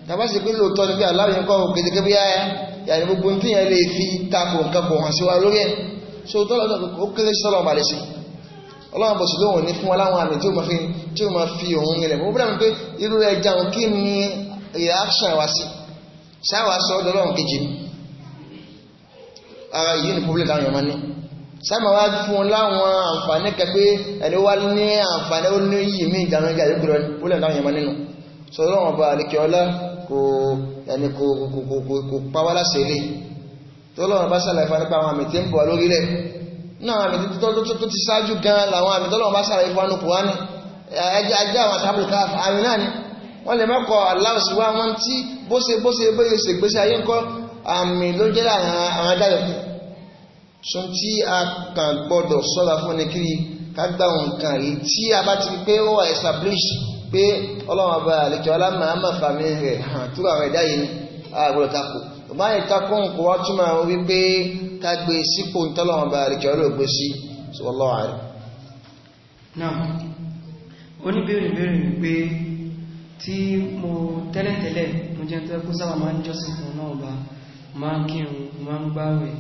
tàbá sì pé lóòótọ́ ni pé aláwọ̀ yẹn kọ́ kékeré bí yáyà yàrá gbogbo tí yẹn lè fi tako nǹkan pọ̀ hàn síwájú lórí ẹ̀ so tọ́lọ̀ náà ó kéré sí tọ́lọ̀ balẹ̀ sí ọlọ́run bọ̀ sí lóhùn ní fún wa láwọn àmì tí ó máa fi tí ó máa fi òun nílẹ̀ mo bẹ̀rẹ̀ pé irú ẹja òun kí ni reaction wa sí sáwà sọ ọdọ ọlọ́run kejì ara yìí ni problem táwọn èèyàn máa ní sáàmà wá fún un láwọn àǹfààní kan pé ẹni wá ní àǹfààní ó ní yìí mí ìdáná ìjà yóò gbọ́dọ̀ problem táwọn èèyàn máa nínú sọ ọlọ́run ọba àlekè ọlá kò ẹni kò pa wá láṣẹ eléyìí tọ́lọ́run bá sàlàyé fún nípa àwọn àmì tí ń bọ̀ lórí rẹ̀ náà àmì tó ti ṣáájú gan làwọn àmì tọ́lọ́run bá sàlàyé fún nípa wani ajé àwọn sábà káfà àmì náà ni wọ́n lè mẹ́kọ̀ aláwọ̀sí wá wọ́n tí bó ṣe bó ṣe bó ṣe ṣègbésí ayé ńkọ́ àmì ló jẹ́ àwọn adáyọ̀ fún sun tí a kàn gbọ́dọ̀ sọ́ra fún ni kiri ká gbà wọn kan rí tí a bá ti rí pé ó wà establish pé ọlọ́run ọba àlejò alámàámà fàmí rẹ̀ hàn tó àwọn ẹ̀dá yìí ni a gbọ́dọ̀ tako báyìí takún kò wá túnmà wípé kágbé sípò tọ́lọ̀wọ̀n bá rí kẹrọ ògbé sí sọlọ́wọ́ rẹ̀ náà oníbèrèbèrè wípé tí mo tẹ́lẹ̀tẹ́lẹ̀ mo jẹ́ tó ẹkú sábà máa ń jọ́sìn fún náà bá máa ń kírun máa ń gbáwẹ̀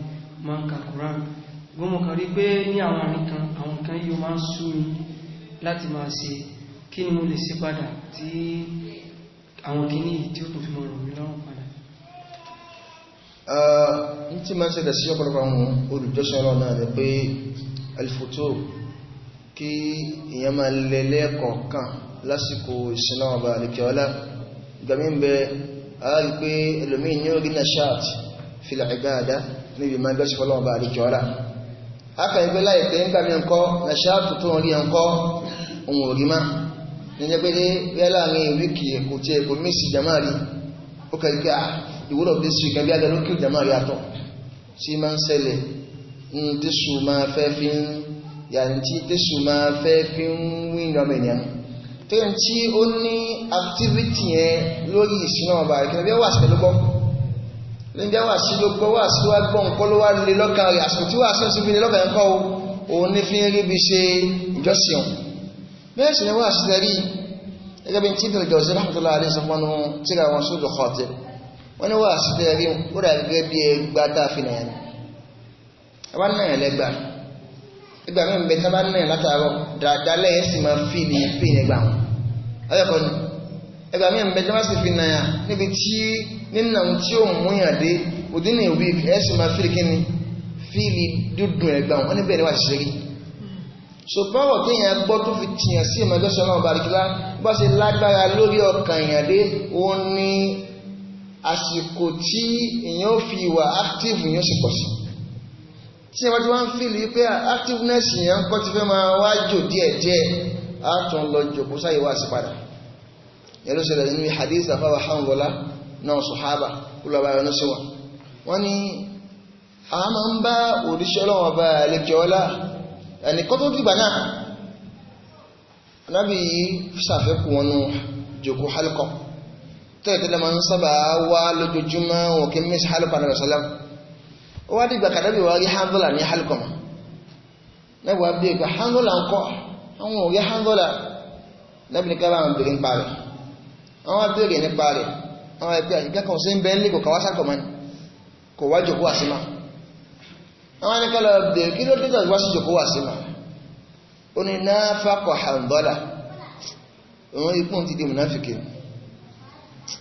máa ń kàkùrán gbọ́mọ kan rí pé ní àwọn àrí kan àwọn kan yíò máa ń sú mi láti máa ṣe kí ni mo lè ṣe padà tí àwọn kìíní tí ó tó fi mọ̀ rọ̀ lọ́rùn Ah, ní tí máa ń ṣẹlẹ̀ sí ọ̀pọ̀lọpọ̀ àwọn olùjọ́sìn ọlọ́run náà rẹ̀ pé alifoto kí èèyàn máa lẹ́lẹ́ kọ̀ọ̀kan lásìkò ìsinmi ọba àlekẹ́ọ́lá gbàmí ń bẹ àárí pé ẹlòmíì ní orí náà ṣáàt fìlà ìbáadá níbi máa gbẹ́sì fọlọ́run ọba àlekẹ́ọ́lá akẹ́yìn pé láìpẹ́ nígbà mí ńkọ́ náà ṣáàtù tó the word of this week ẹbí adé ló kí ìjàmà yàtọ̀ tí máa ń ṣẹlẹ̀ ń tíṣù máa fẹ́ fi ń yàntí tíṣù máa fẹ́ fi ń wí ìjọba ènìyàn tó yẹn tí ó ní activity yẹn lórí ìsinmi ọba ìkìlọ̀ bí wà sí ló gbọ́ lóúnjẹ́ wà sí ló gbọ́ wà sí wá gbọ́ nǹkan ló wá lé lọ́kàn rẹ̀ àsìkò tí wà sí ló fi lé lọ́kàn yẹn kọ́ o òun ní fi ń rí bí ṣe ìjọsìn ọ̀hún bẹ́ẹ̀ sì ni wà sí tẹ̀rí gẹ́gẹ́ bí tí ìdìrìjọ́ sí láhùtọ́lá àdéṣọ́fọ́nù tíra wọn sódò kọ́tẹ́rì wọ́n ní wà sí tẹ́rí ó dàbí gẹ́gẹ́ bí ẹgbà tá a fi nàyà ni ẹgbà náà lẹ́gbà ẹgbà mi bẹ tábà náà látàárọ̀ dàdálẹ̀ ẹ̀ sì máa fi ní pain ẹgbà wọn ọyọkọ ni ẹgbà mi bẹ tábà sì fi nàyà níbi tí nínú tí ó mú yàn dé òdí ní ìwé ẹ̀ sì máa fi kí ni fíìlì dúdùn ẹgbà wọn níbẹ̀ ni wà sí rí ṣùgbọ́n ọ̀rọ̀ tí èèyàn gbọ́ tó fi tìyàn sí ìmọ̀lẹ́sọ̀ náà bàríkìlá bá ṣe lágbára lórí ọkàn èèyàn dé ó ní àsìkò tí èèyàn fi wà active èèyàn sì pọ̀ sí tí ẹwà tí wọ́n ń fìlì pé activeness èèyàn kọ́ ti fẹ́ máa wá jò díẹ̀díẹ̀ á tún lọ jòkó sáyé wá sí padà yẹn ló ṣẹlẹ̀ nínú hadith àfáwà hangola náà sọ̀hábà olùwàbà ẹ̀rọ sí wọn wọ́n ní a máa ń bá òdíṣẹ́ ọlọ́wọ́ ọba àlejò ọlá ẹnìkan tó dìgbà náà anábì yìí ṣàfẹ́kù wọn nù jòkó halkọ́ tẹ́lẹ̀tẹ́lẹ̀ máa ń sábà wá lójoojúmọ́ wọn kí mẹ́sì hálùkọ́ àná rẹ̀sọ́lám ó wá dìgbà kàdábì wá rí hanzola ní hálùkọ́ mọ́ lẹ́bùn wá bí ẹgbẹ́ hanzola ń kọ́ àwọn òrí hanzola lẹ́bùn ká báwọn bèrè ń àwọn àwọn ẹgbẹ́ àyíká kan ń káwá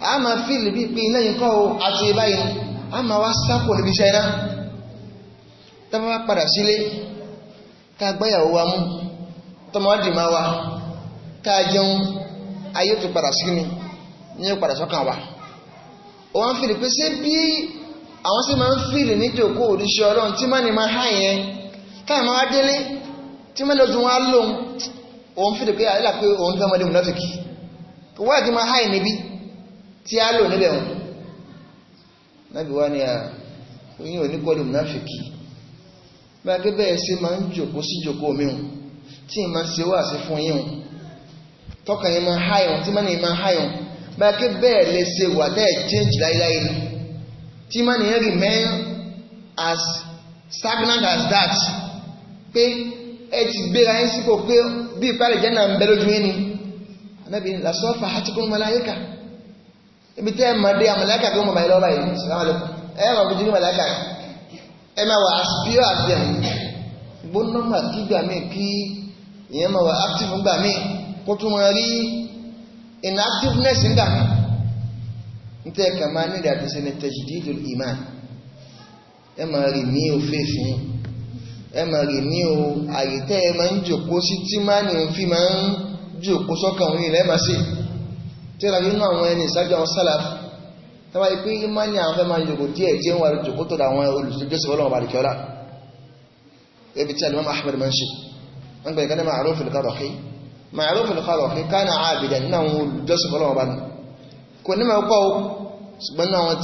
a ma fíìlì bí pé iná yìí kọ́ o àti báyìí a ma wá sápò níbi iṣẹ́ iná tọ́mọ wá padà sílé ká gbáyàwó wa mú tọ́mọ wá dìmá wa ká jẹun ayé tó padà sí ni ní padà sọ́kàn wa o wá ń fìlì pé ṣé bí àwọn sì máa ń fìlì níjòkó òdíṣẹ́ ọlọ́run tí má ní máa há yẹn káà máa wá délé tí má lọ́dún wá lóhun òun fìlì pé àlélà pé òun fẹ́ ọmọdé mùnáfìkì wọ́n àti máa há yẹn níbí tí a lò níbẹ̀ wọn náàbí wá ní àyíyàn oníkọ́lù mùnáfìkì bí a gẹ́gẹ́ ẹ̀ṣẹ́ máa ń jòkó sí jòkó mìíràn tí ìmá ṣe wà sí fún yín tọ́kàn yín máa háyàn tí mánìyàn máa háyàn bí a gẹ́gẹ́ bẹ́ẹ̀ lè ṣe wà dẹ́ẹ̀ change láíláí tí mánìyàn remain as stagnant as that pé ẹ ti gbéra yín sípò pé bí ìpàlẹ̀ jẹ́ náà ń bẹ lójú yín ni anábìyàn làṣọ́fà àtikún mọ́láyíkà ibi tẹ́ mọ̀dé àmàlẹ́kà tó mọ̀ báyìí lọ́wọ́ báyìí sàlámàlẹ́kùn ẹ̀rọ ọ̀gbìn jírí màlẹ́kà ẹ máa wà àṣìbíọ́ àṣìyàn gbónámà kí gbà mí kí ìyẹn máa wà active gbà mí kó tún rí inactiveness ń gbà mí ń tẹ́ ẹ̀ka máa nílẹ̀ àtúnṣe ní tajdidul iman ẹ máa rí ní òfin fún ẹ máa rí ní o àyè tẹ́ ẹ máa ń jòkó sí tí máa ní òfin máa ń jòkó sọ́kàn òun ilẹ̀ máa ṣe tíra nínú àwọn ẹni ìsájú àwọn sálàf tọ́wà ipé imani àwọn fẹ́ máa yògò díẹ̀ tí ó wà rí jòkó tó dáwọn olùsùgbésí ọlọ́wọ̀ bá dìkẹ́ ọlá ebi tí alimam ahmed ma ń ṣe wọ́n gbẹ̀rẹ̀ kan ní ma'aruf al-qadhi ma'aruf al-qadhi kana abidan nínú àwọn olùjọ́sìn ọlọ́wọ̀ bá ní kò ní máa kọ́ ṣùgbọ́n náà wọn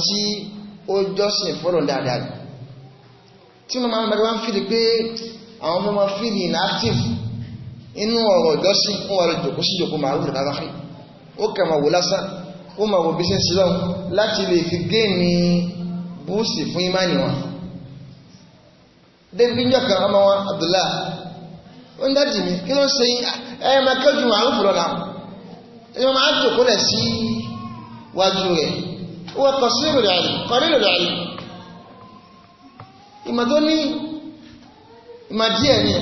wọ́n jòkó sí jòkó ma'aruf al-qadhi ó kàmà wò lásán ó ma wò bí sí sílọ́ láti lè fi gé búùsì fún ìmáni wọn débi níjọ́ kan ọmọ wọn Abdullah ó ń dájì mi kí ló ń ṣe ẹ máa kẹ́jú wọn àrùn fúlọ́nà ẹ máa jòkó rẹ̀ sí wájú rẹ̀ ó wọ́n kọ sí ìrìnrìn àrùn kọrí ìrìnrìn àrùn ìmọ̀ tó ní ìmọ̀ díẹ̀ ni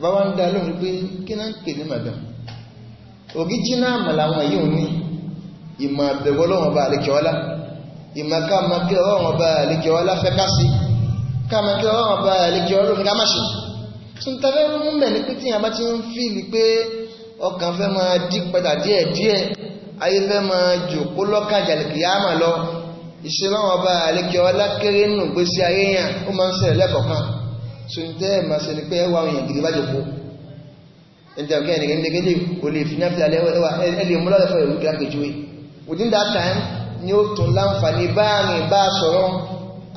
bàbá wa ń dá lóhùn pé kí náà ń pè ní màdàm oríjínà àmàlàwọn èyí ò ní ìmọ̀ àbẹ̀wò ọlọ́wọ̀n bá àlekẹ́ ọlá ìmọ̀ káàmàkẹ́ ọlọ́wọ̀n bá àlekẹ́ ọlá fẹ́ ká sí káàmàkẹ́ ọlọ́wọ̀n bá àlekẹ́ ọlọ́ ní ká má ṣe tún tafẹ́ mú mẹ́ ní pé tí a bá ti ń fi ní pé ọkàn fẹ́ máa dí padà díẹ̀ díẹ̀ ayé fẹ́ máa jòkó lọ́kàn jàlẹ̀kì yá mà lọ ìṣe lọ́wọ́n bá àlekẹ́ kéré nù gbèsè ayé yàn ó máa ń ṣẹlẹ̀ lẹ́kọ̀ọ́kan tún tẹ́ máa ṣe ni pé ẹ wá òyìn gidi bá jòkó Instead of getting negative, o lè fi náfíà lẹ́wọ́lẹ́wà ẹlẹ́ múlọ́lẹ̀ fún ìlú gírágéjúwé. Within that time, ni ó tún láǹfààní bá rìn bá sọ̀rọ̀.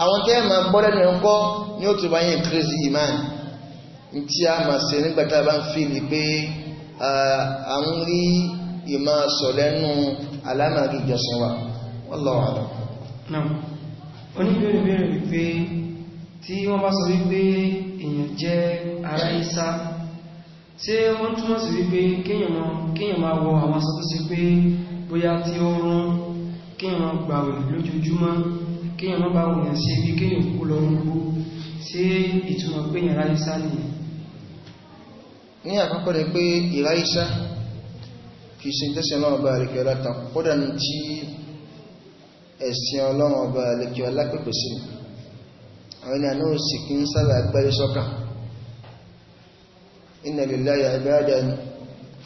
Àwọn tẹ́ ma gbọ́lẹ̀ ní ọkọ́ ni ó tún bá yẹn crazy iman. N tí a máa ṣe nígbàtà bá ń fi ní pé à ń rí ìmá sọ̀lẹ́nu alámàrí ìjọsìn wa. Wọ́n lọ wà lọ. Oníbẹ̀rẹ̀ bẹ̀rẹ̀ wípé tí wọ́n bá sọ wípé èèyàn jẹ́ ará ìsá tí wọ́n túnmọ̀ sí wípé kíyàn máa wọ àwọn aṣọ tó sí pé bóyá tí ó rún kíyàn máa gbàwẹ̀ lójoojúmọ́ kíyàn máa bá wùyàn sí ibi kíyàn kú lọ rúgbó sí ìtumọ̀ pé ìráyíṣá ni ní àkọ́kọ́ rẹ̀ pé ìráyíṣá kìí ṣe tẹ́sẹ̀ náà bá àríkẹ́ láta kódà ní tí ẹ̀sìn ọlọ́run ọba إن لله عبادا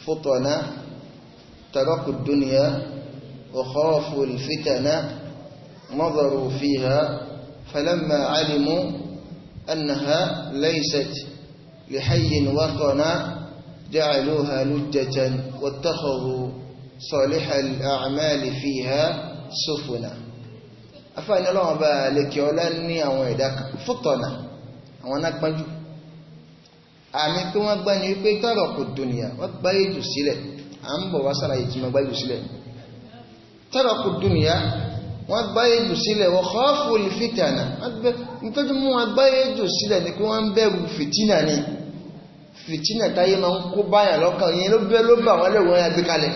فطنا تركوا الدنيا وخافوا الفتن نظروا فيها فلما علموا أنها ليست لحي وطنا جعلوها لجة واتخذوا صالح الأعمال فيها سفنا أفعل الله بالك يولاني أو فطنا أو أنا àmì pé wọ́n gbá ní wípé tọ́rọ̀ kò dùnìyà wọ́n gbá ìjù sílẹ̀ à ń bọ̀ wá sára ìjì gbá ìjù sílẹ̀ tọ́rọ̀ kò dùnìyà wọ́n gbá ìjù sílẹ̀ wọ́n kọ́ọ̀fù olùfitànà nítorí mú wọn gbá ìjù sílẹ̀ ni pé wọ́n ń bẹ̀rù fìtínà ni fìtínà táyé máa ń kó báyà lọ́kàn yẹn ló bẹ́ ló bà wọ́n lẹ́wọ̀n yẹn àgbékalẹ̀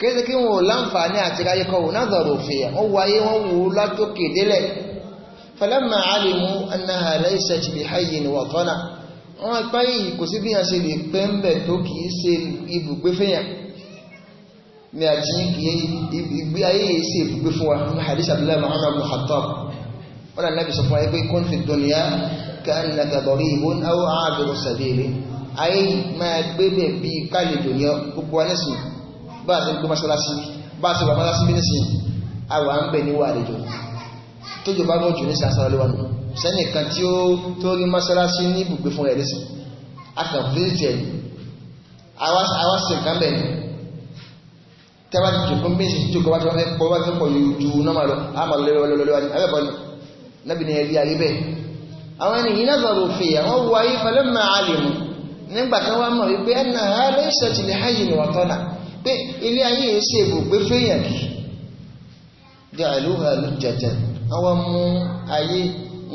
kéde kí wọn ò láǹfààní àti ráyé kọ wọn náà dọ̀rọ̀ òfin wọn wáyé wọn wò ó látòkè délẹ̀ falamma alimu annaha laysat bihayin wa tana wọ́n apá yìí kò sí bí a ṣe lè pẹ́ ń bẹ̀ tó kìí ṣe ibùgbé fẹ́yàn ní àti kìí ibùgbé ayé yìí ṣe ibùgbé fún wa ní hadith abdullahi muhammad bin khattab wọ́n náà nábi sọ fún ayé pé kún fi dunya ká ń na gàbọ̀rí ìbò ń áwọ́ ààbẹ̀rọ sàbẹ̀rẹ̀ ayé máa gbé bẹ̀ bí kálẹ̀ dunya gbogbo wa nísìn bá a ṣe gbé mọ́ṣáláṣí bá a ṣe wà mọ́ṣáláṣí bí nísìn àwọn à ń bẹ̀ níwọ̀ àlejò tó jọba mọ́jú ní sàṣàrà lọ́wọ́ nù sẹ́nìkan tí ó tó rí mọ́sálásí ní ibùgbé fún rẹ̀ lẹ́sìn akàn fíìtì ẹ̀ awásì nǹkan bẹ̀ ni tẹ́wá ti jòkó méjì tí jòkó bá ti pọ̀ bá ti pọ̀ ju nọ́mà lọ àmà lọ́lọ́lọ́lọ́wà ní abẹ́bọ̀ ni nábì ni ẹ̀rí ayé bẹ́ẹ̀ àwọn ẹni yìí náà lọ́rọ̀ fi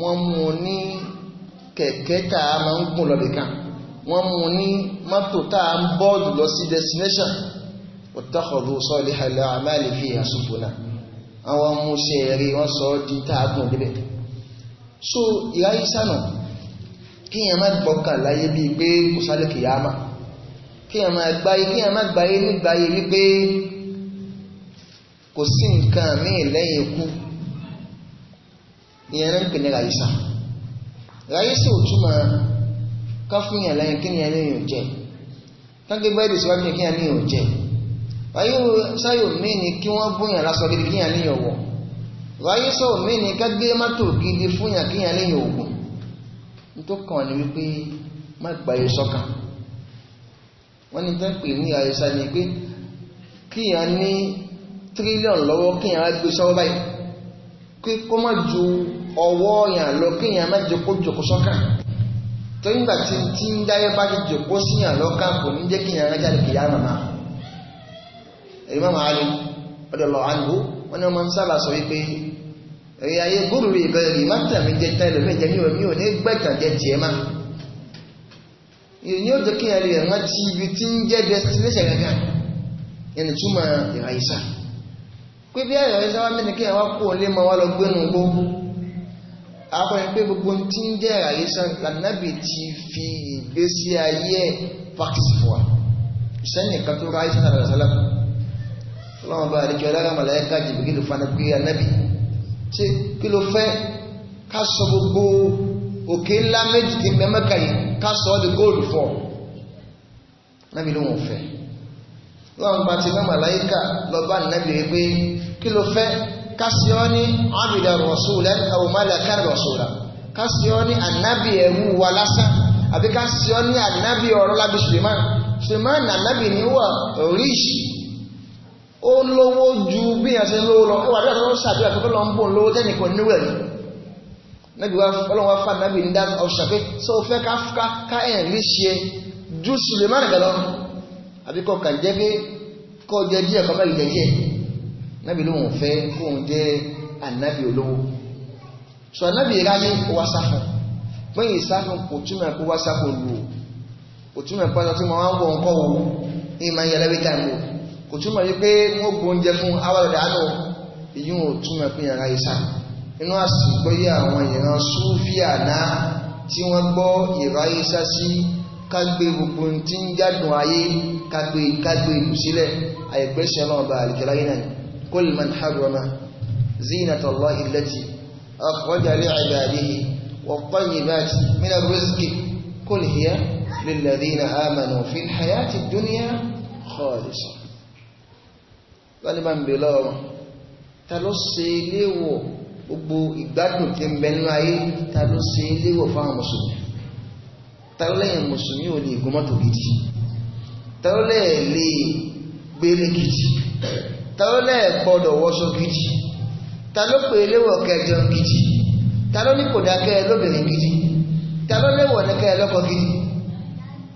wọ́n mú un ní kẹ̀kẹ́ tá a máa ń gùn lọ́bì kan wọ́n mú un ní mọ́tò tá a ń bọ́ọ̀lù lọ sí destination òtọ́kọ̀lù sọ́ọ̀lì àlọ́ àmàlì fi àsùnfò náà àwọn mú sí ẹ̀rí wọ́n sọ ọ́ di tá a gùn débẹ̀ so ìráyé sànà kí èèyàn má gbọ́kàn láyé bíi pé kò sálẹ̀ kìyàmá kí èèyàn má gbáyé kí èèyàn má gbáyé nígbáyé wípé kò sí nǹkan míì lẹ́yìn ikú ìyẹn náà ń pè ní ràìsà ràìsà ò túmọ̀ káfíńyàn lẹ́yìn kí ni ẹni yóò jẹ káńkì bẹ́ẹ̀dì síwájú kí jẹ wáyé sáyò míì ni kí wọ́n bóyàn lásọ gidi kí ẹni yóò wọ̀ wáyé ni ká ma mọ́tò gidi fúnyàn nítorí kan ni wípé má pè ní ni pé kí tírílíọ̀nù lọ́wọ́ kí á gbé sọ́wọ́ báyìí kó má ju ọwọ́ yàn lọ kéèyàn má jòkó jòkó tí tí ń dáyé bá ti jòkó síyàn lọ́kàn kò ní jẹ́ kéèyàn rájá lè kéèyàn màmá Imam Ali radiyallahu anhu wọ́n ní so ń sábà sọ wípé ẹ̀rí ayé gúrùrù ìbẹ̀rẹ̀ rí má tẹ̀mí jẹ tẹ́ lómi jẹ mí ò ní gbẹ̀tàn jẹ tiẹ̀ má jẹ́ lè ibi tí ń jẹ́ destination yẹn ni túmọ̀ ìràyíṣà pé bí wá kó lé wá lọ gbénu akọni pé gbogbo tí ń jẹ́ ìràyè sàn lànàbì ti fi ìgbésí ayé ẹ̀ fàkìsì fún wa ìsẹ́yìn kan tó ráyé sàn àdàlà sálàmù ọlọ́run bá àdìkẹ́ ọlára màláyíká jìbìrì ló fana pé ànábì ṣe kí ló fẹ́ ká sọ gbogbo òkè ńlá méjì tí mẹ́mẹ́ka yìí ká sọ ọ́ di góòlù fọ́ ànábì ló wọ̀n fẹ́ ọlọ́run bá ti mẹ́màláyíká lọ bá ànábì rẹ pé kí ló fẹ́ kásíọ́ ní abìdà rọ̀súlẹ̀ àwòmálà kárì rọ̀súlà kásíọ́ ní ànábì ẹ̀wù wa lásán àbí kásíọ́ ní ànábì ọ̀rọ̀ lábí suleman suleman ànábì ní wà ríṣ ó lówó ju bí yẹn ṣe lówó lọ wà lóyún àtọ́wọ́ sàbí àti fọlọ́ ń bò lówó tẹ́nìkan níwẹ̀ rí nábì wa fọlọ́ wa fà nábì ní dáná ọ̀ṣà pé sọ fẹ́ ká ká ẹ̀ rí ṣe ju suleman gẹ̀lọ́ àbí kọ̀ kàn jẹ́ pé kọ́ jẹ díẹ̀ kọ́ bá yìí jẹ díẹ̀ nábì lóhun fẹ́ kóhun jẹ́ ànábì olówó so ànábì ráyé ó wá sáfún pẹ́yìn sáfún kò túmọ̀ kó wá sáfún lù ó kò túmọ̀ pé ọjọ́ tí mo máa ń wọ nǹkan wo ìmọ̀ yẹlẹ́wé táìmù kò túmọ̀ wípé wọ́n gbóúnjẹ fún awàlọ́dà àánú èyí ò túmọ̀ pé yàrá ìsà inú àsìkò yí àwọn ìran súfíà náà tí wọ́n gbọ́ ìrà ìsà sí kágbé gbogbo tí ń jádùn ayé kágbé kágbé ìlú sílẹ̀ àìpẹ́sẹ̀ náà bá àlìkẹ́láyé náà كل من حرم زينة الله التي أخرج لعباده والطيبات من الرزق كل هي للذين آمنوا في الحياة الدنيا خالصة غالبا بلا تلصي لي وبو إبادة تنبين لأي تلصي لي وفا مسلم تلصي مسلم ولي قمت بيتي تلصي لي بيري ta ló lẹ́ẹ̀ gbọ́dọ̀ wọṣọ gidi ta ló pè léwọ̀ kẹjọ gidi ta ló ní kò dákẹ́ lóbìnrin gidi ta ló léwọ̀ nìkẹ́ lọ́kọ gidi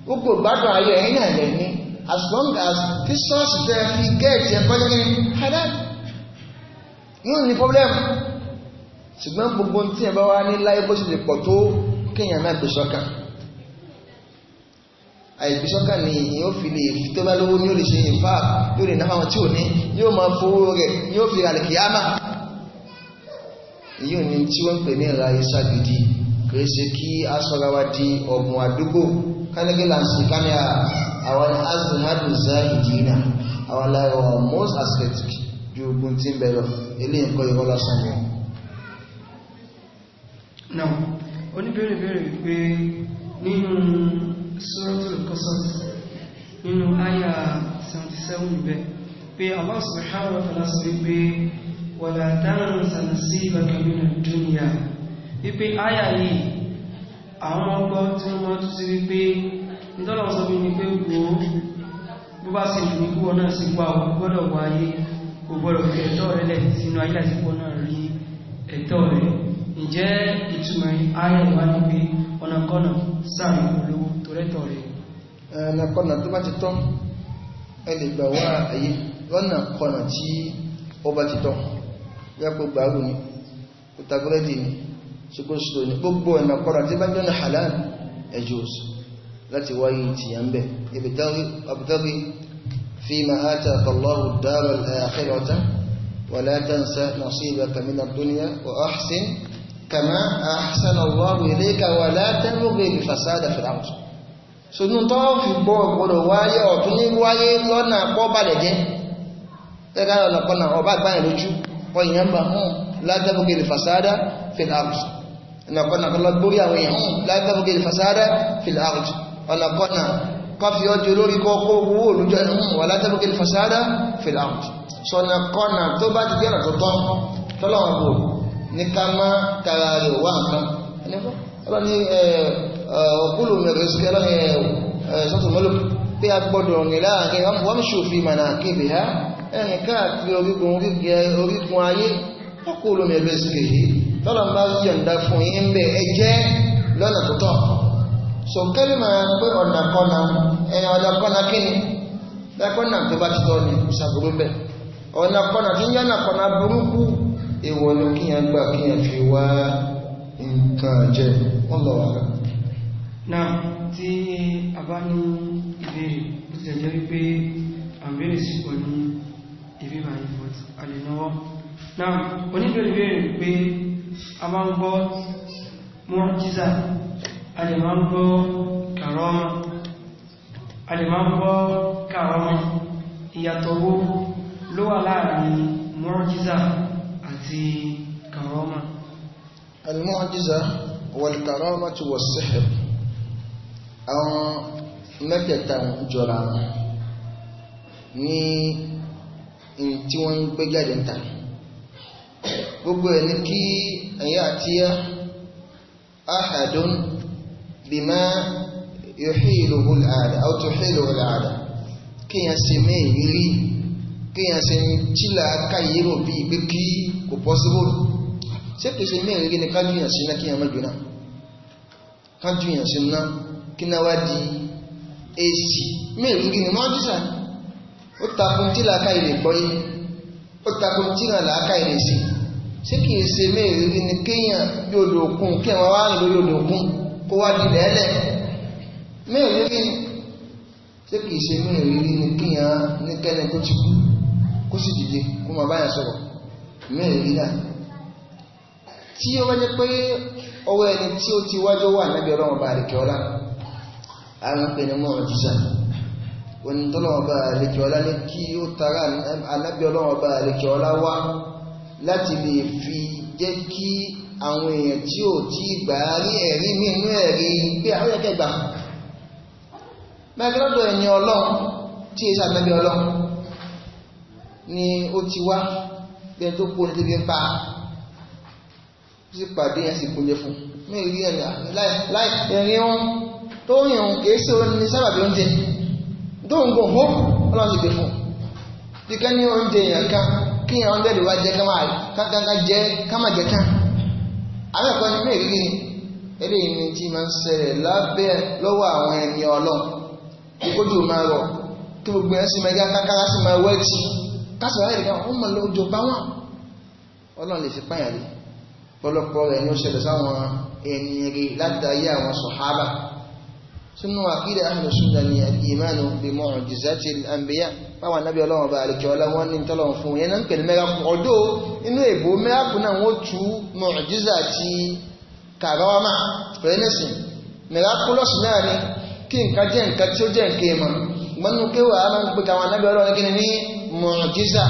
gbogbo gbádùn ayé ẹ̀yìn náà ní as long as tí sọ́ọ̀sì fẹ́ fi gẹ́ẹ̀tì ẹ̀kọ́ jẹ́ kí hadan yóò ní problem ṣùgbọ́n gbogbo tí ẹ bá wá ní láyé bó ṣe lè pọ̀ tó kéèyàn náà gbèsọ́kàn àìgbésọ́kà ni èyí ó fi lè tó bá lówó ní ó lè ṣe ìfà yóò lè náà tí ò ní yóò máa fowó rẹ̀ yóò fi rà lẹ́kìyàmà èyí ò ní tí wọ́n pè ní ìra iṣá gidi kìí ṣe kí a sọ́ra wa di ọ̀gbùn àdúgbò kánẹ́gẹ́ láǹsì kámẹ́rà àwọn azùmádùn zá ìdínà àwọn aláwọ̀ most aesthetic ju ogun tí ń bẹ lọ ilé nǹkan ìwọ́ lásán mi. náà oníbèrè bèrè pé nínú Suratul Qasas nínú àyà 77 níbẹ̀ pé Allah subhanahu wa ta'ala sọ wípé wala tansa nasibaka minad dunya wípé àyà yìí àwọn ọgbọ́ tí wọ́n máa tún sí wípé ìtọ́lọ̀ sọ bí ní wo bó bá sì ní kúwọ́ ǹjẹ́ ìtumọ̀ ayé wà ní pé ọ̀nàkọ́nà sáàmì olówó torẹ́tọ̀ rẹ̀ ẹnàkọ́nà tó bá ti tọ́ ẹ lè gbà wá ayé lọ́nàkọ́nà tí ó bá ti tọ́ yàpò gbàrú ni kùtàbúrẹ́dì ni ṣokóṣòro ni gbogbo ẹnàkọ́nà tí bá jẹ́ ọ̀nà halal ẹjọ́ láti wáyé ìtìyà ń bẹ̀ ibùtọ́rí fi kàmá ahsana Allahu ilayka wà látẹ́lógbè ìfàsádà fìlàmùsù sónú tó fi gbọ́ ọ̀gbọ́dọ̀ wáyé ọ̀tún ní wáyé lọ́nà pọ́ balẹ̀ jẹ́ tẹ́gá lọ́nà pọ́nà ọba àgbáyìn lójú ọ̀yìn ẹ̀mbà hàn látẹ́lógbè ìfàsádà fìlàmùsù ọ̀nàkọ́nà kọlọ́gbórí àwọn èèyàn hàn látẹ́lógbè ìfàsádà fìlàmùsù ọ̀nàkọ́nà kọfí ọjọ́ olórí kọ́kọ́ owó olùjọ́ ẹ̀hún wà látẹ́lógè ìfàsádà fìlàmùsù sọ̀nàkọ́nà tó bá ti jẹ́ Ni ká má tara rẹ̀ wá nǹkan ẹlọ́ ní ọkùlù mẹ́rin sí ni la sọ́tún mọ́lù pé a gbọ́dọ̀ rìn láàrin wọ́n ṣòfin mànà kébè ha ẹ̀rìn káàkiri orígun orígun ayé ọkùlù mẹ́rin sí kèyí tọ́lọ̀ bá yọ̀ǹda fún yín bẹ́ ẹ jẹ́ lọ́nà tó tọ́ so kẹ́lí máa pé ọ̀nà kọ́nà ẹ̀yàn ọ̀nà kọ́nà kí ni lẹ́kọ́nà tó bá ti tọ́ ni ìṣàgbọ́n bẹ́ẹ̀ ọ̀nà kọ́nà tí yánà kọ́nà burúkú èwọ̀ ní kí yàn gbà kí yàn fi wá nǹkan jẹ wọ́n lọ wà náà tí a bá ní ìbéèrè bó ti jẹ́ wípé àbẹ́rẹ̀ sí pọ̀ ní ìbí máa yìí fọ́tí àlèlọ́wọ́ náà oníbẹ̀rẹ̀ pé a máa ń gbọ́ mọ́jíza a lè máa ń gbọ́ kàrọ́mà a lè máa ń gbọ́ kàrọ́mà ìyàtọ̀wó ló wà láàrin mọ́jíza àti kàrọ́mà al-mu'jiza wal-karamatu was-sihr àwọn mẹ́tẹ̀ẹ̀ta jọra wọn ní tí wọ́n ń gbé jáde ń ta gbogbo ẹ̀ kí ẹ̀yà àti yá ahadun bima yuhiluhu al-'ada aw tuhiluhu al-'ada kí yẹn sì mẹ́ ìrírí kéèyàn ṣe ń tílà káyé rò bíi pé kí kò pọ́síbòlù ṣé kìí ṣe mẹ́rin rí ni kájú yàn sí iná kíyàn mẹ́jọ náà kájú yàn sí iná kí náà wá di èsì mẹ́rin rí ni mọ́jísà ó takun tílà káyé rè gbọ́ yìí ó takun tílà làákàyè rè sí ṣé kìí ṣe mẹ́rin rí ni kéèyàn bí odò òkun wá rìn lórí odò òkun kó wá di lẹ́lẹ̀ mẹ́rin rí ni kìí ṣe mẹ́rin rí ni ní kẹ́ni tó ti kú kó sì dìde kó máa báyà sọ̀rọ̀ mẹ́rin rí náà tí ó bá jẹ́ pé ọwọ́ ẹni tí ó ti wájọ́ wà níbi ọ̀rọ̀ ọba àríkẹ́ ọlá àwọn pè ní mọ́ ọ̀jíṣà onítọ́lọ́wọ́ ọba àríkẹ́ ọlá ní kí ó tara anábí ọlọ́wọ́ ọba àríkẹ́ ọlá wá láti lè fi jẹ́ kí àwọn èèyàn tí ò tí gbà á rí ẹ̀rí nínú ẹ̀rí pé àwọn ẹ̀kẹ́ gbà mẹ́gbẹ́lọ́dọ̀ ẹ̀yìn ọlọ́run tí èsà mẹ́bí ọlọ́run ni ó ti wá bí ẹni tó kó ní ń pa sí pàdé yẹn sì kúnlẹ̀ fún mẹ́rin rí ẹ̀yà láì ẹ̀rin wọn tó yìn òun kìí sí orin sábàbí oúnjẹ tó ń hó ọlọ́run gbé fún bí ká ní oúnjẹ kí wá ká máa ká ká máa àwọn ẹ̀kọ́ ni mẹ́rin rí eléyìí ni tí máa ń ṣẹlẹ̀ lábẹ́ lọ́wọ́ àwọn ọlọ́run máa kí gbogbo ẹ̀ sì máa yá kákára kásìlá ìrìnà wọn mọ̀ lọ ojú bá wọn ọlọ́run lè fi páyà rí pọ̀lọpọ̀ rẹ̀ ni ó ṣẹlẹ̀ sáwọn ẹni rí látàrí àwọn sọ̀hábà sínú àkídà ahlu sunna ni al-imanu bi mu'jizati al báwọn nábí ọlọ́run bá àríkẹ́ ọlọ́run ní tọ́lọ́run fún yẹn náà ń pèlú mẹ́ra ọdọ́ inú èbó mẹ́ra kù náà wọ́n mọ̀jísà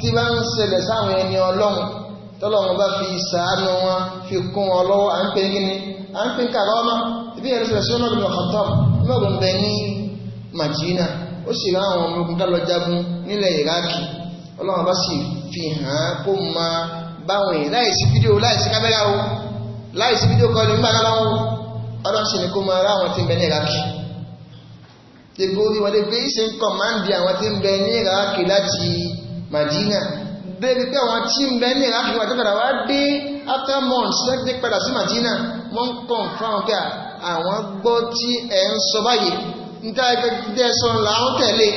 tí bá ń ṣẹlẹ̀ sáwọn ẹni ọlọ́run tọ́lọ́run bá fi sàánú wọn fi kún wọn lọ́wọ́ à ń pè kíni à ń pè kàrọ́ ọmọ ibi ẹ̀rọ ṣẹlẹ̀ sọ́nà bin Khattab lọ́gùn bẹ ní Madina ó sì rá àwọn ọmọ ogun dálọ jagun nílẹ̀ Iraki ọlọ́run bá sì fi hàn án kó máa báwọn èèyàn láìsí fídíò láìsí kámẹ́rà o láìsí fídíò kọ́ni ń bá ara wọn ọlọ́run sì ni kó máa rá àwọn tí ń bẹ ní Iraki ti gorí wọn dé pé ìṣe ń kọ̀máǹdì àwọn tí ń bẹ ní ìràkì láti Madina débi pé àwọn tí ń bẹ ní ìràkì wà tẹ́tàdà wá dé after months tẹ́tẹ́ padà sí Madina wọ́n ń kàn fáwọn pé àwọn gbọ́ tí ẹ̀ ń sọ báyìí níta ẹgbẹ́ dídẹ́ sọ làwọn tẹ̀lé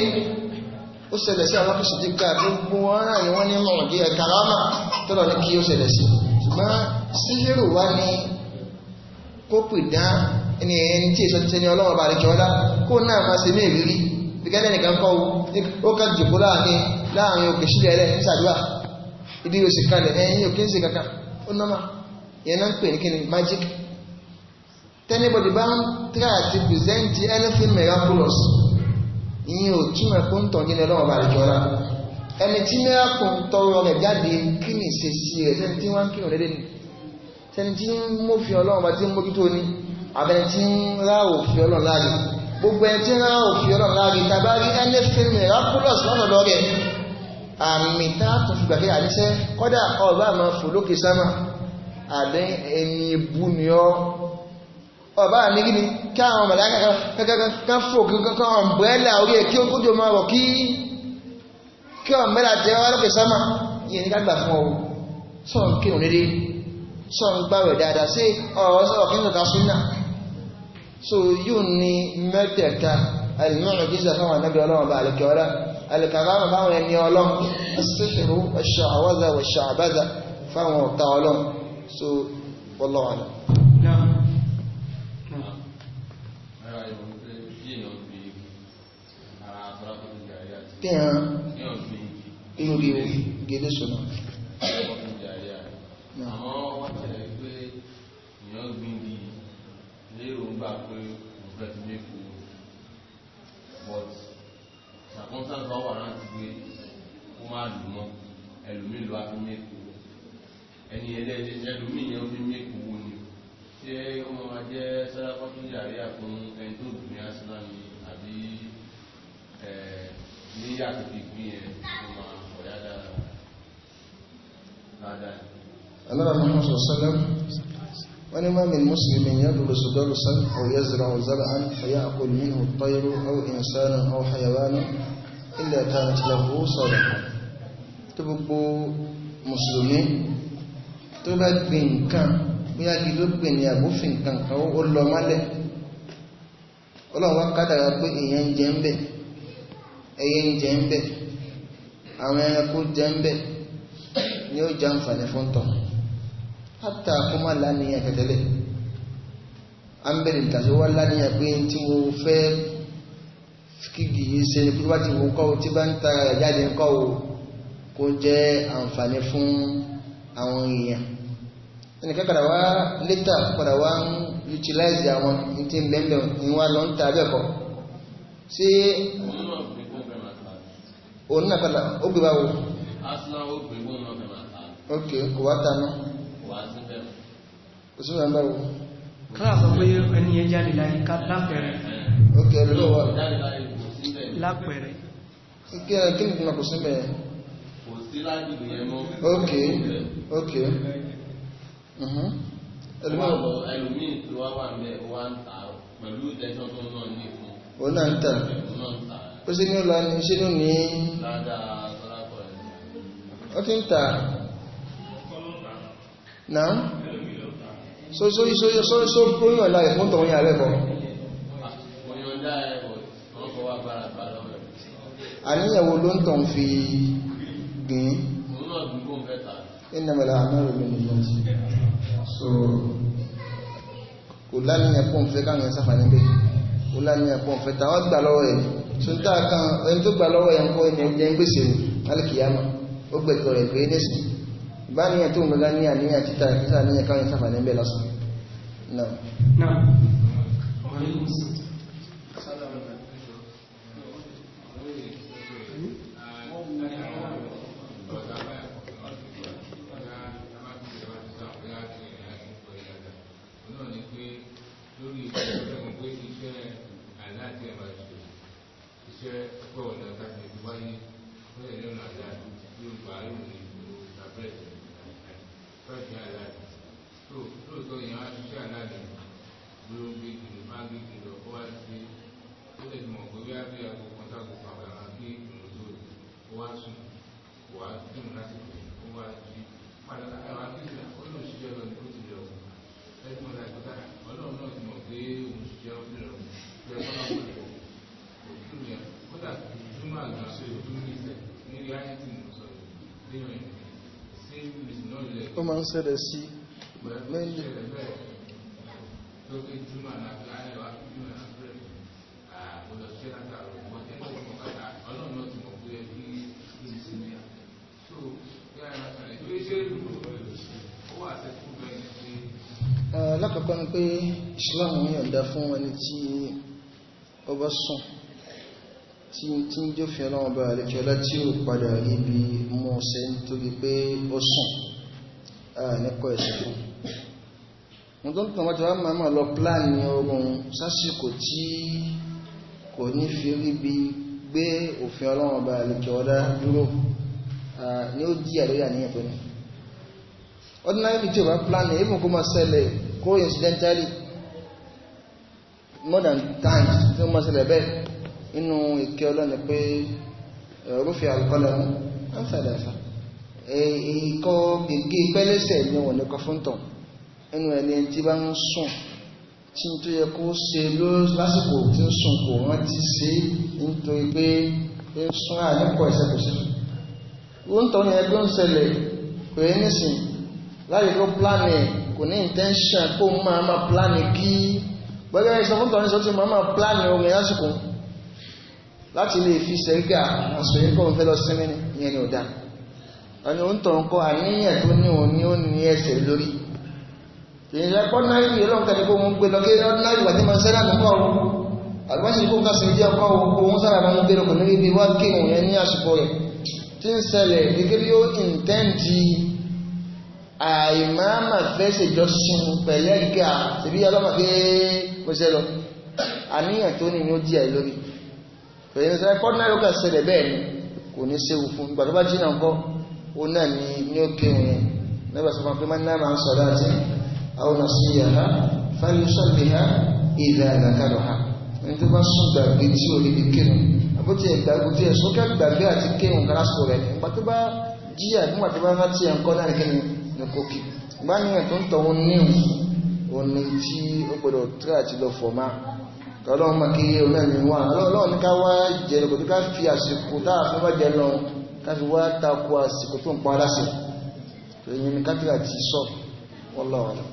ó ṣẹlẹ̀ sí àwọn kìsìtì ká gbogbo wọn náà ni wọ́n ní mọ̀ọ́dí ẹ̀ kàrámà tọ́lọ̀ ní kí ó ṣẹlẹ̀ sí ṣùgbọ́n síhírù kó pè dán ẹni ẹni tí èso tẹ́ni ọlọ́wọ́ bá rẹ̀kẹ́ ọlá kó náà máa se ní ìrírí gẹ́gẹ́ nìkan kọ́ ó ká jòkó láàrin láàrin òkè sílẹ̀ rẹ̀ nísàdúrà ìdí òsì kalẹ̀ ẹ̀yìn òkè ń se kankan ó nọ́mà yẹn náà ń pè ní kíni magic tẹ́nibọ̀dì bá ń try to present anything miraculous ìyẹn ò túmọ̀ kó ń tàn nínú ọlọ́wọ́ bá rẹ̀kẹ́ ọlá ẹni tí miracle tọrọ rẹ̀ jáde kí ni ìṣesí rẹ̀ sẹ́ni tí wọ́n ń kírun lédè nìyí sẹni tí ń mófin ọlọ́run bá ti ń mójútó ni àbẹni tí ń rá òfin ọlọ́run láàrí gbogbo ẹni tí ń rá òfin ọlọ́run láàrí tàbí rí anything miraculous lọ́nà lọ́rẹ̀ àmì tá a tún fìgbà kí àníṣẹ́ kọ́dà ọba àmọ́ fò lókè sámà àbẹ́ ẹni ibú ni ọ́ ọba àmì kí ni kí àwọn màláìka kankan fò kankan ọ̀mbrẹ́là orí ẹ̀ kí ó kójọ máa rọ̀ kí kí ọ̀mbrẹ́là sọ ń gbàwẹ̀ dáadáa sí ọ̀rọ̀ sọ̀rọ̀ kí n kàkà súnà so yóò ní mẹ́tẹ̀ẹ̀ta àìmọ́ràn kí sàfihàn wọn nábì ọlọ́run bá àlùkẹ́ ọlá àlùkàrà báwọn ẹni ọlọ́run sífìrú ṣàwọ́dà wà ṣàbádà fáwọn ọ̀tá ọlọ́run so wọ́lọ́wọ́lọ́ Kí ẹran? Irú bí gẹ́gẹ́ sọ́nà àwọn wọ́n tẹ̀lé pé èèyàn gbìngì lérò ń gbà pé òfẹ́ ti lé kú but circumstance wà wà láti pé kó má lù mọ́ ẹlòmíì ló wá fi mé kú ẹni ẹlẹ́ẹ̀dẹ́ ẹlòmíì yẹn fi mé kú wo ni ṣé ó máa jẹ́ sárápá tó yàrí àfún ẹni tó dùn ní asúná ni àbí ní yàtọ̀ fi gbìn yẹn ó máa ọ̀yá dára dáadáa annabi muhammad sallallahu wani ma min muslimin ya duru su darusan au ya zira wa zara'an fa ya aqul minhu tayru aw insanun aw hayawanun illa kanat lahu sadaqa tó gbogbo mùsùlùmí tó bá gbin nǹkan bóyá kí ló gbìn ní àbófin nǹkan kan ó lọ mọ́lẹ̀ ọlọ́run wá kádàrá pé èèyàn ń jẹ ń bẹ̀ ẹyẹ ń jẹ hátà kó má lánìyàn tẹ̀tẹ̀lẹ̀ a ń bẹ̀rẹ̀ ìtàṣẹ wá lánìyàn pé tí mo fẹ́ kíkì yìí ṣe ni pé wá ti wọ́n kọ́ tí bá ń ta jáde ńkọ́ o kó jẹ́ àǹfààní fún àwọn èèyàn ẹnìkan padà wá létà padà wá ń utilize àwọn tí ń bẹ̀ẹ̀ ìwọ̀n lọ ń ta abẹ́kọ̀ọ́ sí òun náà padà ó gbé báwo ok kò wá ta náà òṣìṣẹ́ mẹ́wọ́ káàkọ̀ pé ẹni yẹn jáde láyé lápẹ̀rẹ̀ ókè lọ́wọ́ wà lápẹ̀rẹ̀ kí ẹ kí nìkan kò sí mẹ́ ókè ókè ẹlòmíì tí wá wà ń bẹ wá ń ta pẹ̀lú ìdẹ́jọ́ tó náà ní ìfún ó náà ń tà ó sí ní ọlá ní ṣe ní ní ó ti ń tà náà so so so so so gbóyàn láì fún tọ̀hún yà lẹ́kọ̀ọ́ àníyàwó ló ń tọ̀ fi gbìn ìnàmọ̀lá àmọ́rùn ní ìfọ́nsí so kò láníyàn pọ̀ ń fẹ́ káwọn sáfà níbẹ̀ kò láníyàn pọ̀ ń fẹ́ tàwọn gbà lọ́wọ́ ẹ̀ tún dáa kan ẹni tó gbà lọ́wọ́ ẹ̀ ń kọ́ ẹni ẹgbẹ́ ń ó gbẹ̀tọ̀ rẹ̀ pé bá ní ẹ̀tọ́ gbogbo ní àníyàn títà ìpísà ní ẹ̀kọ́ yẹn sáfà ní ẹgbẹ́ lọ́sùn náà Iṣẹ́ ọ̀pọ̀ fẹ́ẹ̀sì aláàdì lóòótọ́ yẹn á ṣiṣẹ́ aláàdì dúró gbé kìlọ̀ má gbé kìlọ̀ kó wá sí ó lè mọ̀ pé bí á bí aago ń ṣẹlẹ̀ sí mẹ́lẹ̀ lákọ̀ọ́kọ́ ni pé Islam ní ọ̀dá fún ẹni tí ó bá sùn tí tí ń jọ fi ọlọ́wọ́ bá àlejò láti ò padà rí bí mọ́ ọ̀sẹ̀ nítorí pé ó sùn Ah, nípa ẹ̀sìnkú mo tó ń tàn wájú wá máa lọ pláàni ogun sásìkò tí kò ní fi rí bí gbé òfin ọlọ́run ọba àlèkè ọ̀dá dúró ah, ni ó jí àlóyà ní ẹ̀pẹ́ ni ordinary tí o bá pláàni even kó máa ṣẹlẹ̀ kó incidentally more than times tí ó máa ṣẹlẹ̀ bẹ́ẹ̀ inú ìkẹ́ ọlọ́run pé eh, rúfin àlùkọ́lẹ̀ ń sàdẹ̀sà ìkọ́ gègé pẹ́lẹ́sẹ̀ ni wọ́n lè kọ fún tàn ẹnu ẹni tí bá ń sùn tí tó yẹ kó ṣe lásìkò tí ń sùn kò wọ́n ti ṣe nítorí pé ń sún àníkọ̀ ìṣẹ́kùsí wọ́n tọ́ ní ẹgbẹ́ ń ṣẹlẹ̀ pé nísìn láti kó pláàni ẹ̀ kò ní intention kó máa máa pláàni kí gbẹ́gbẹ́ ìṣàfúntọ̀ ní sọ tí máa máa pláàni orin lásìkò láti lè fi ṣẹ̀ríkà àṣòyínkọ̀ ń fẹ́ lọ sínmi ìyẹn ni ò dáa ẹni ó ń tọ̀run kọ́ àníyàn tó ní òun ni ó ní ẹsẹ̀ lórí ìyẹn kọ́ náà yìí lọ́n kẹ́ni kó ń gbé lọ kí náà ìwà tí ma sẹ́rà nù kọ́ o àgbáṣe kó kásẹ̀ jẹ́ ọkọ́ o kó ń sára máa ń gbé lọkọ̀ níbi wá kí òun yẹn ní àsìkò rẹ̀ tí ń ṣẹlẹ̀ gẹ́gẹ́ bí ó ìǹtẹ́ǹtì àìmáàmà fẹ́ ṣèjọsìn pẹ̀lẹ́ gíga tìbí ọlọ́mà pé mo ṣe lọ àníyàn tó ní ni ó di ẹ̀ lórí ìyẹn kọ́ náà ló kà ṣẹlẹ̀ bẹ́ẹ̀ ni kò ní ṣe òun náà ni ní ó kírun yẹn nígbà tó máa pé máa ń náà máa ń sọ̀rọ̀ àti àwọn ọ̀sìn yàrá fáyọsọ̀lẹ̀ ha ìlà àgàkàrọ̀ ha ẹni tó bá sùn gbàgbé tí ò lè fi kírun àbótí ẹ̀gbàgbé tí ẹ̀sùn ká gbàgbé àti kírun kárásìkò rẹ̀ nígbà tó bá jí àdúgbà tó bá rántí ẹ̀ńkọ́ náà nìkan ní kókì ìgbà yẹn tó ń tọ̀ wọn níhùn òní tí ó gbọdọ̀ tíra àti lọ fọ̀ máa ọlọ́run kí omi wà ọlọ́run káfí wá takò àsìkò tó ń pa aláṣẹ èyí ni kátìrà ti sọ wọ́lọ́wọ́lọ́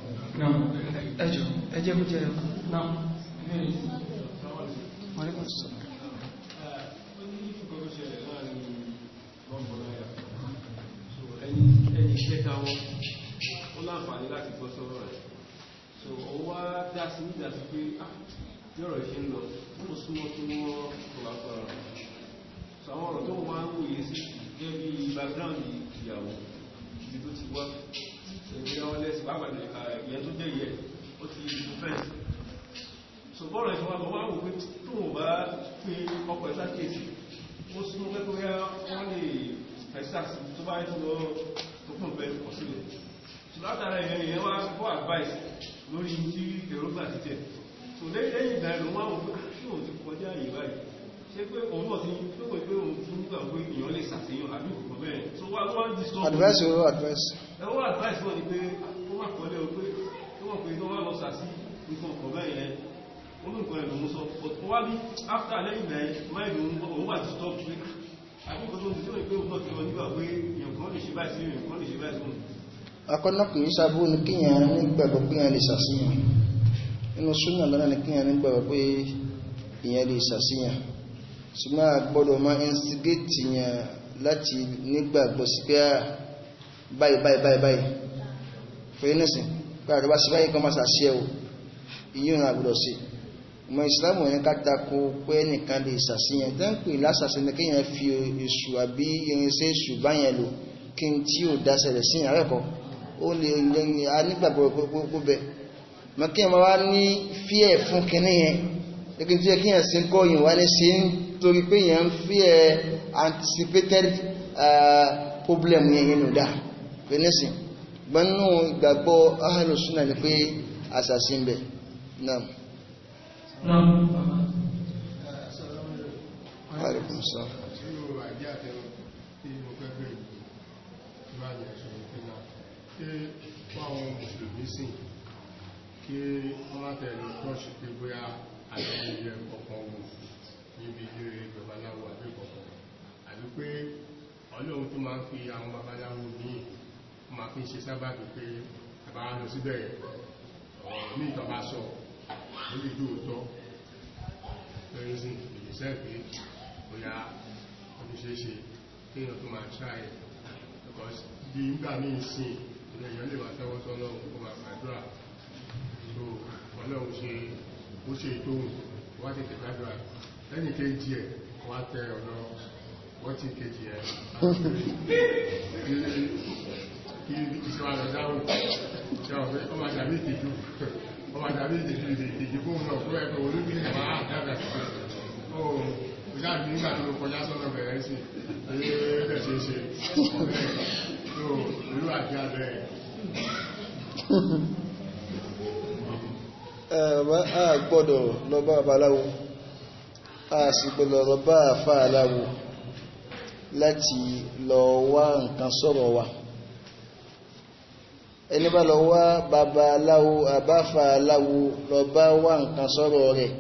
Ẹni iṣẹ́ káwọn, ó láǹfààní láti gbọ́ ń lọ ó súnmọ́ kí wọ́n kọ̀lápọ̀ rẹ̀ àwọn ọ̀rọ̀ tó wọ́n ń wòye sí gẹ́bí background ìyàwó ibi tó ti wá ẹgbẹ́ wọn lẹ́sì pàápàá ìyẹn tó jẹ́ ìyẹ ó ti fẹ́ẹ̀sì so bọ́ọ̀rọ̀ ìfọwọ́ tó wá wòye tó wọ́n bá pé ọkọ̀ ẹ̀sá kéèsì ó súnmọ́ pẹ́kọ́ yá wọ́n lè ẹ̀sá sí tó bá ń lọ tó kùn bẹ́ẹ̀ kọ sílẹ̀ so látara ìyẹn ìyẹn wá kó advice lórí tí èrògbà ti tẹ̀ so lẹ́yìn ìgbà ẹ̀rọ wọn wọ́n ti kọjá ìyẹ̀ báyìí ṣe pé òun náà ti tó advice owó advice ẹwọ́ advice náà ni pé ó wà kọ́lé o pé tó wọ́n pé tó wá lọ ṣàṣí nǹkan ọ̀kan bẹ́ẹ̀ yẹn ó ní but wá after lẹ́yìn náà mind òun wà disturb pé àbúkọ tó ti tó pé òun náà ti lọ nígbà pé èèyàn kan lè ṣe báyìí sí èèyàn kan lè ṣe báyìí sí òun akọ́nà kìí sábú ní kíyàn nígbàgbọ́ pé ìyàn lè ṣàṣíyàn inú súnà lọ́nà ní kíyàn nígbàgbọ́ pé ìyàn lè ṣàṣíyàn ṣùgbọ́n àgbọ́dọ̀ máa instigate yẹn láti nígbàgbọ́ sí pé ah, báyìí báyìí báyìí báyìí fẹ́yìn nísìn pé àgbà sí báyìí kan máa ṣàṣẹ o ìyí òun àgbọ́dọ̀ sí ọmọ ìsìlámù yẹn kátàkó pé ẹnìkan lè ṣàṣeyàn tẹ́ ń pè lásàṣẹ ni kéèyàn fi èṣù àbí irinṣẹ́ èṣù báyẹn lò kí n tí ò dáṣẹlẹ̀ sí ìyàrá ẹ̀kọ́ ó lè lẹ́yìn anígbàgbọ́ gbogbo bẹ́ẹ̀ mọ kí ẹ máa wá ní fíẹ̀ fún kinní yẹn gẹ́gẹ́ bí ẹ kí ẹ sí ń kọ́ òyìnbó wá ní sí ń torí pé yẹn ń fi ẹ anticipated problem yẹn yẹn nù dá pé nísìn gbọ́nú ìgbàgbọ́ ahàlù súnà ni pé àṣàṣì ń bẹ̀ náà. Alaikum wọ́n látẹ̀lẹ̀ kọ́ṣù pé bóyá àjẹ́ ìyẹn ọ̀pọ̀ ọ̀gbọ̀n níbi ilé babaláwo àbí ìkọ̀kọ̀ àbí pé ọlọ́run tó máa ń fi àwọn babaláwo ní ma fi ń ṣe sábàbí pé àbá lọ síbẹ̀ ọ̀rọ̀ ní ìtọ́ bá sọ lórí ìlú òótọ́ pẹ̀lúsìn ìgbésẹ̀ pé bóyá ọdún ṣe ṣe kí èèyàn tó máa ṣáà bí nígbà ní ìsìn ilẹ̀ èèyàn lè máa lẹ́yìn kejì ẹ̀ wá tẹ ọ̀nà wọ́tí kejì ẹ̀ kí ìṣẹ́wà lọ dáhùn ṣe ọmọ àdàbí ìtìjú ọmọ àdàbí ìtìjú ìtìjú fún ọ̀nà fún ẹ̀kọ́ olúbìnrin wà á dáadáa ó ìjà mi nígbà tó kọjá sọ́nà bẹ̀rẹ̀ sí ẹ̀ẹ́dẹ̀ ṣe ṣe ọ̀rẹ́ tó olú àti abẹ́ ẹ̀. a gbọ́dọ̀ lọ bá babaláwo a sì gbọ́dọ̀ lọ bá àfá aláwo láti lọ wá nǹkan sọ̀rọ̀ wa ẹni bá lọ wá bàbá aláwo àbáfà aláwo lọ bá wá nǹkan sọ̀rọ̀ rẹ̀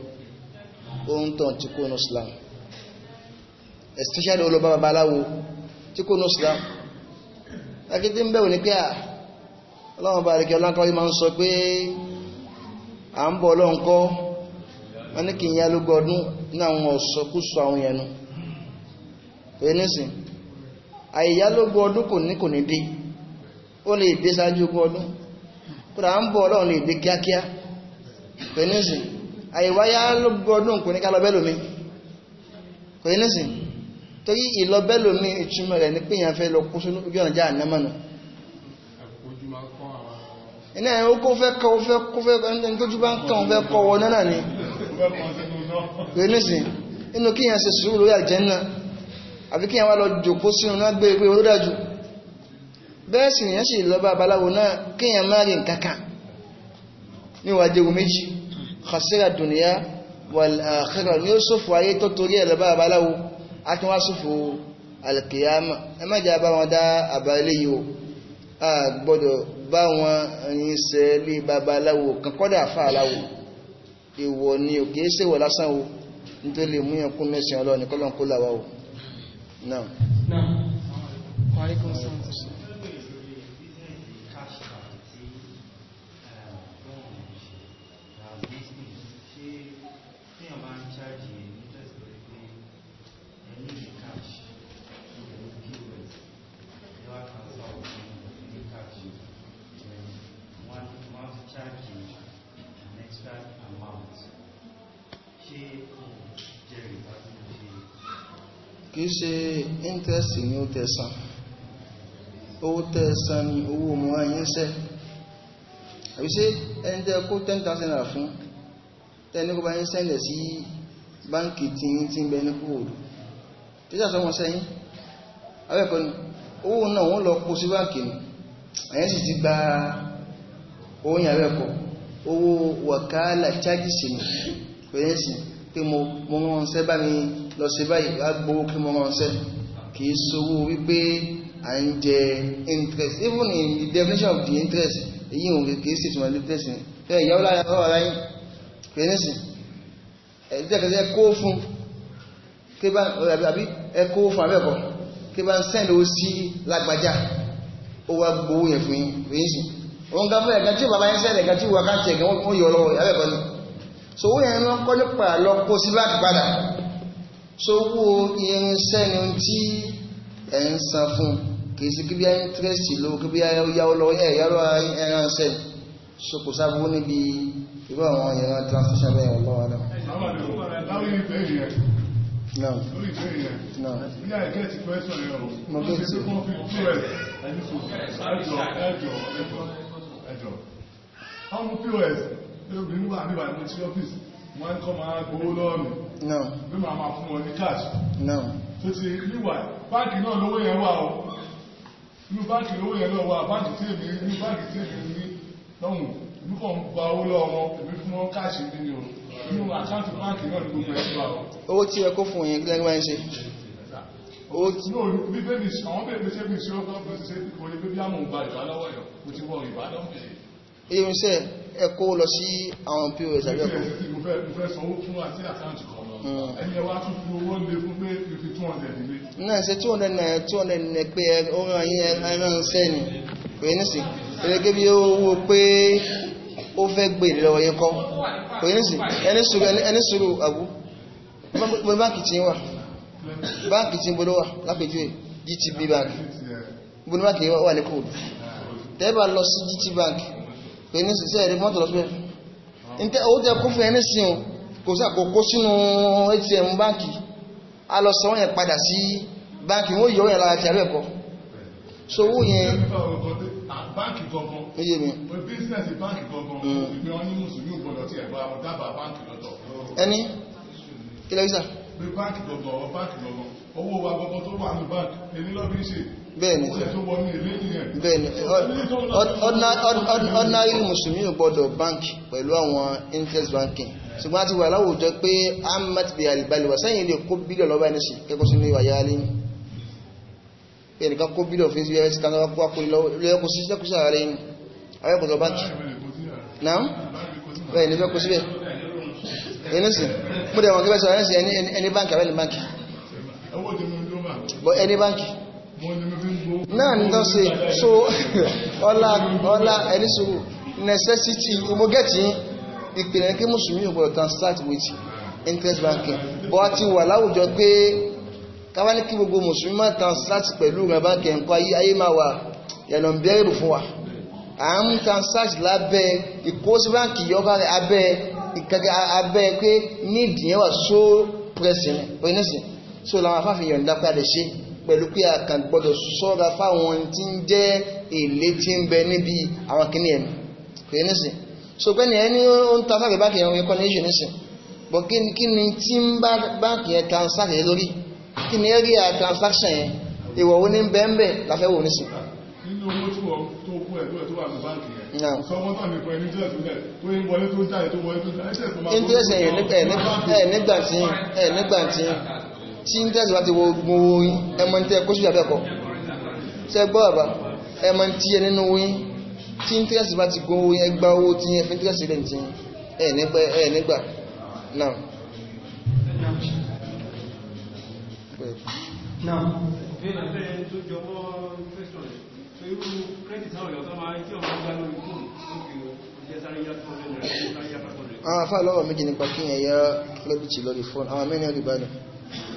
ó ń tàn tí kò ní islam especially olùbá bàbá aláwo tí kò ní islam ń bẹ̀rù ní pé à ọlọ́run bá àríkẹ́ ọlọ́nkọ́ yìí máa ń sọ pé à ń bọ̀ ọlọ́nkọ́ wọn ní kì í yá lógún ọdún ní àwọn ọ̀sọ̀kúsọ àwọn ẹnu ẹnìsìn àìyálógún ọdún kò ní kò ní dé lè dé sáájú ogún ọdún kódà bọ̀ ọlọ́run lè dé kíákíá ẹnìsìn àìwáyálógún ọdún kò ní ká torí ìlọbẹ́lòmí ìtumọ̀ rẹ̀ ní pé fẹ́ lọ kó sínú ojú ọ̀nà jáà námọ̀nà iná ẹ̀ kọ́ fẹ́ kó fẹ́ ń kọ́ wọ náà ni rẹ̀nísìn inú kíyàn ṣe sùúrù lórí àjẹ́nà àbí kíyàn wá lọ jòkó sínú náà gbé ewé olódàjú bẹ́ẹ̀ sì yẹn sì lọ́ba abaláwo náà kíyàn má rí nkankan ní wàá méjì khasira dùnìyà wal akhirah ní ó ṣòfò ayé tó torí ẹ̀ lọ́ba abaláwo á tún wá ṣòfò alkiyama ẹ má jẹ́ àbáwọn dá àbá eléyìí o a gbọ́dọ̀ bá wọn ẹ̀yìn bí babaláwo kankọ́dà fáaláwo èwọ̀ ni ò kìí ṣèwọ̀ lásán o nítorí lè mú yẹn kún mẹ́sìn ọlọ́ọ̀ni kọ́lọ̀ ń kó làwà o náà kìí ṣe interest ní ó tẹ̀sán owó tẹ̀sán ni owó mọ́ ẹ̀yìn ṣẹ́ àbí ṣe ẹni tẹ́ kó 10,000 naira fún tẹ́ni kó bá yín sẹ́ndẹ̀ sí báńkì tí yín ti ń bẹ ní kóòdù tí sàtọ́ wọn sẹ́yìn abẹ́ẹ̀kọ́ ni owó náà wọ́n lọ kó sí báńkì ni ẹ̀yìn sì ti gba oyin abẹ́ẹ̀kọ́ owó wàkálà chájì sí ni pé mo mọ́ wọn sẹ́ bá lọ sí báyìí wá gbowó kí mo ránṣẹ́ kì í sowó wípé à ń jẹ interest even in the definition of the interest èyí ò rí kì í sì tún wọn interest ni ẹ ìyàwó lára ọ̀rọ̀ ara yín pé nísìn ẹ̀ẹ́dẹ́gbẹ̀sẹ̀ kó fún kí bá àbí ẹ kó fún abẹ́kọ̀ọ́ tí bá ń sẹ́ndì ó sí lágbàjá ó wá gbówó yẹn fún yín sí wọn ga fún ẹ̀gá tí bàbá yẹn sẹ́ndì ẹ̀gá tí wà ká tẹ̀gẹ̀ wọ́n yọ lọ ìyàbẹ̀kọ́ so ó yẹn lọ kọ́ nípa lọ sówó irinṣẹ́ ni tí ẹ̀ ń san fún kìí sí kíbíyà íńtírẹ́sì ló kíbíyà yáwó lọ ẹ̀ yáwó ẹran ṣẹ́ so kò sábúrú níbi irú àwọn ìran transaction bẹ́ẹ̀ wọ́n lọ́wọ́ náà. No. No. Mo gbé sí. Ẹjọ́. Ọmọ POS, ẹgbẹ̀rún wà níbàá ní ọ́fíìsì wọ́n kọ́ máa gbówó lọ́ọ̀nù bí màá máa fún wọn ní cash tó ti níwà báńkì náà lówó yẹn wà o inú báńkì lówó yẹn lọ́wọ́ báńkì tí èmi ní báńkì tí èmi ní lọ́hùn èmi kàn gba owó lọ́wọ́ wọn èmi fún wọn cash ní ni o inú àkáǹtì báńkì náà ló mọ̀ ẹ́ owó tí ẹ kó fún yẹn gẹ́gẹ́ bá ń ṣe bíbélì àwọn bèbè ṣe bí ṣe ọkọ̀ bí ṣe kò lè bíbí àmọ̀ ìbá lọ́wọ́ ẹ̀ irinṣẹ́ ẹkọ́ lọ sí àwọn pos àríọ̀kọ́ hmm. náà ṣe 200 naira 200 naira pé ọ̀rọ̀ yí ẹran ṣẹ́ ni pẹ̀lú nísì ẹgbẹ́ bí owó pé ó fẹ́ gbé lọ́wọ́ yẹn kọ́ pẹ̀lú nísì ẹni sùúrù àgbú báńkì tí wà báńkì tí gbọ́dọ̀ wà lápẹjú ẹ̀ GTB bank gbọ́dọ̀ báńkì wà ní kóòdù tẹ́bà lọ sí GT bank pé ní sísẹ́ ẹ̀rí mọ́tò lọ́sílẹ̀ ǹtẹ́ owó tẹ kún fún ẹni sí o kò sí àkókò sínú atm báńkì a lọ sọ yẹn padà sí báńkì wọ́n yọ yẹn lára ti àbẹ́ ẹ̀kọ́ so owó yẹn báńkì kọ̀ọ̀kan oye mi bísínẹ̀sì báńkì kọ̀ọ̀kan ìpín mm. wọn ní mùsùlùmí gbọdọ̀ tí ẹ̀bá dábàá báńkì lọ́tọ̀ ẹni kí lẹ́yìn owó wa gbogbo tó wà ní báńkì èyí lọ́bí sí bẹ́ẹ̀ni bẹ́ẹ̀ni ordinary musulmi ò gbọ́dọ̀ báńkì pẹ̀lú àwọn interest banking ṣùgbọ́n àti wà láwùjọ pé a mẹ́tì bí àlìbalẹ̀ wà sẹ́yìn lè kó bílíọ̀ lọ́wọ́ ẹni sí kẹ́kọ́ sí ní ìwàyá lẹ́yìn pé ẹnìkan kó bílíọ̀ fún ẹgbẹ́ ẹ̀sìn kan lọ́wọ́ kó lọ́wọ́ sí lẹ́kùsí ààrẹ ni àwọn ẹ̀kọ́ báńkì náà bẹ́ẹ̀ ni fẹ́ kó síbẹ̀ ẹni sì mú But any bank? ń lóbà bọ́ ẹni báńkì náà ní tán ṣe so ọlá ọlá ẹni sòrò necessity mo gẹ̀tì ìpìlẹ̀ kí mùsùlùmí ò gbọ́dọ̀ transact with interest banking But a ti wà láwùjọ pé káwá ní kí gbogbo mùsùlùmí máa transact pẹ̀lú rẹ̀ báńkì ẹ̀kọ́ ayé máa wà yẹ̀nà bẹ́rù fún wa à ń transact lábẹ́ ìkóṣí báńkì yọba abẹ́ ìkẹ́kẹ́ abẹ́ pé nídìí yẹn so pressing so la làwọn afáfihàn dápadà ṣe pẹ̀lú pé a kàn gbọ́dọ̀ sọ́ra fáwọn tí ń jẹ́ èlé tí ń bẹ níbi àwọn kìíní ẹ̀mí kìí nísìn so pẹ́ni ẹni ó ń ta sáfẹ́ báàkì yẹn wọ́n kọ́ ní ìṣù nísìn bọ́ kí ni tí ń bá báàkì yẹn transact yẹn lórí kí ni area transaction yẹn ìwọ̀ wo ní bẹ́ẹ̀nbẹ́ láfẹ́ wò nísìn. nínú owó tí wọ́n tó kú ẹ̀ tó wà ní báàkì yẹn sọ wọ́n tàbí pẹ̀lú interest rẹ̀ tó ń wọlé tó ń jáde tó wọlé tó ń jáde tí ń tẹ́sì bá ti wo ogun oyin ẹmọ ní tẹ́ kó sí ìjàfẹ́kọ́ ṣe gbọ́ bàbá ẹmọ tí ẹ nínú oyin tí ń tẹ́sì bá ti gun oyin ẹgbà owó tí ẹ fi ń tẹ́sì rẹ̀ tí ẹ nígbà náà. náà ìbéèrè pé lọ́wọ́ méjì nípa kí ẹ̀yà kírẹ́dìtì lórí fóònù àwọn mẹ́rin rí báyìí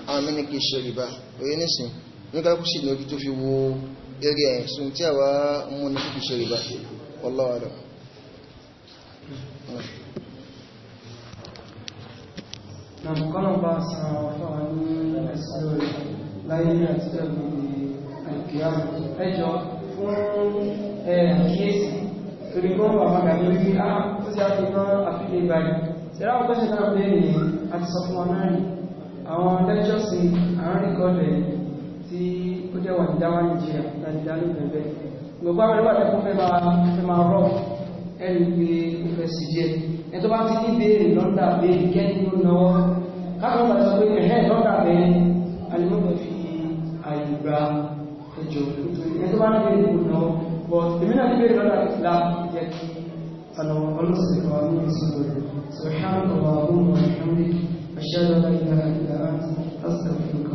àwọn mẹ́rin kìí ṣe rìbá orí nísìn ní kálùkù sí lórí tó fi wo eré ẹ̀ sun tí àwá mú ní kìí ṣe rìbá wallahu a'lam Nàbùkọ́lọ̀bá sàn ọ̀fà ní ẹ̀sìn lórí láyé àti ẹ̀bùn ìkìyàmù. Ẹjọ́ fún ẹ̀kíyèsí torí wípé á ah, ó sì á fi náà àfihàn ìbáyìí. Ṣẹ́rá ọ̀pẹ́ṣẹ̀ náà bẹ́ẹ̀ ni àti sọ fún ọmọ náà àwọn lẹ́kṣọ́sì àárínkọ́lẹ̀ tí ó jẹ́ wà dáwà ní jẹ́ àtàdìdálò bẹ̀rẹ̀ gbogbo àwọn ẹlẹ́wà tẹ́kún fẹ́ máa rọ̀ ẹni pé ó fẹ́ sì jẹ́ ẹ tó bá ti ní béèrè lọ́ndà béèrè kẹ́ni ló náwọ́ káàkiri bàtà pé ẹ̀hẹ́ lọ́ndà bẹ́ẹ̀ alimọ́bẹ̀ fi àyè gba ẹjọ́ ẹ tó bá ní béèrè ló náwọ́ but èmi náà ní أشهد أن لا إله إلا أنت أستغفرك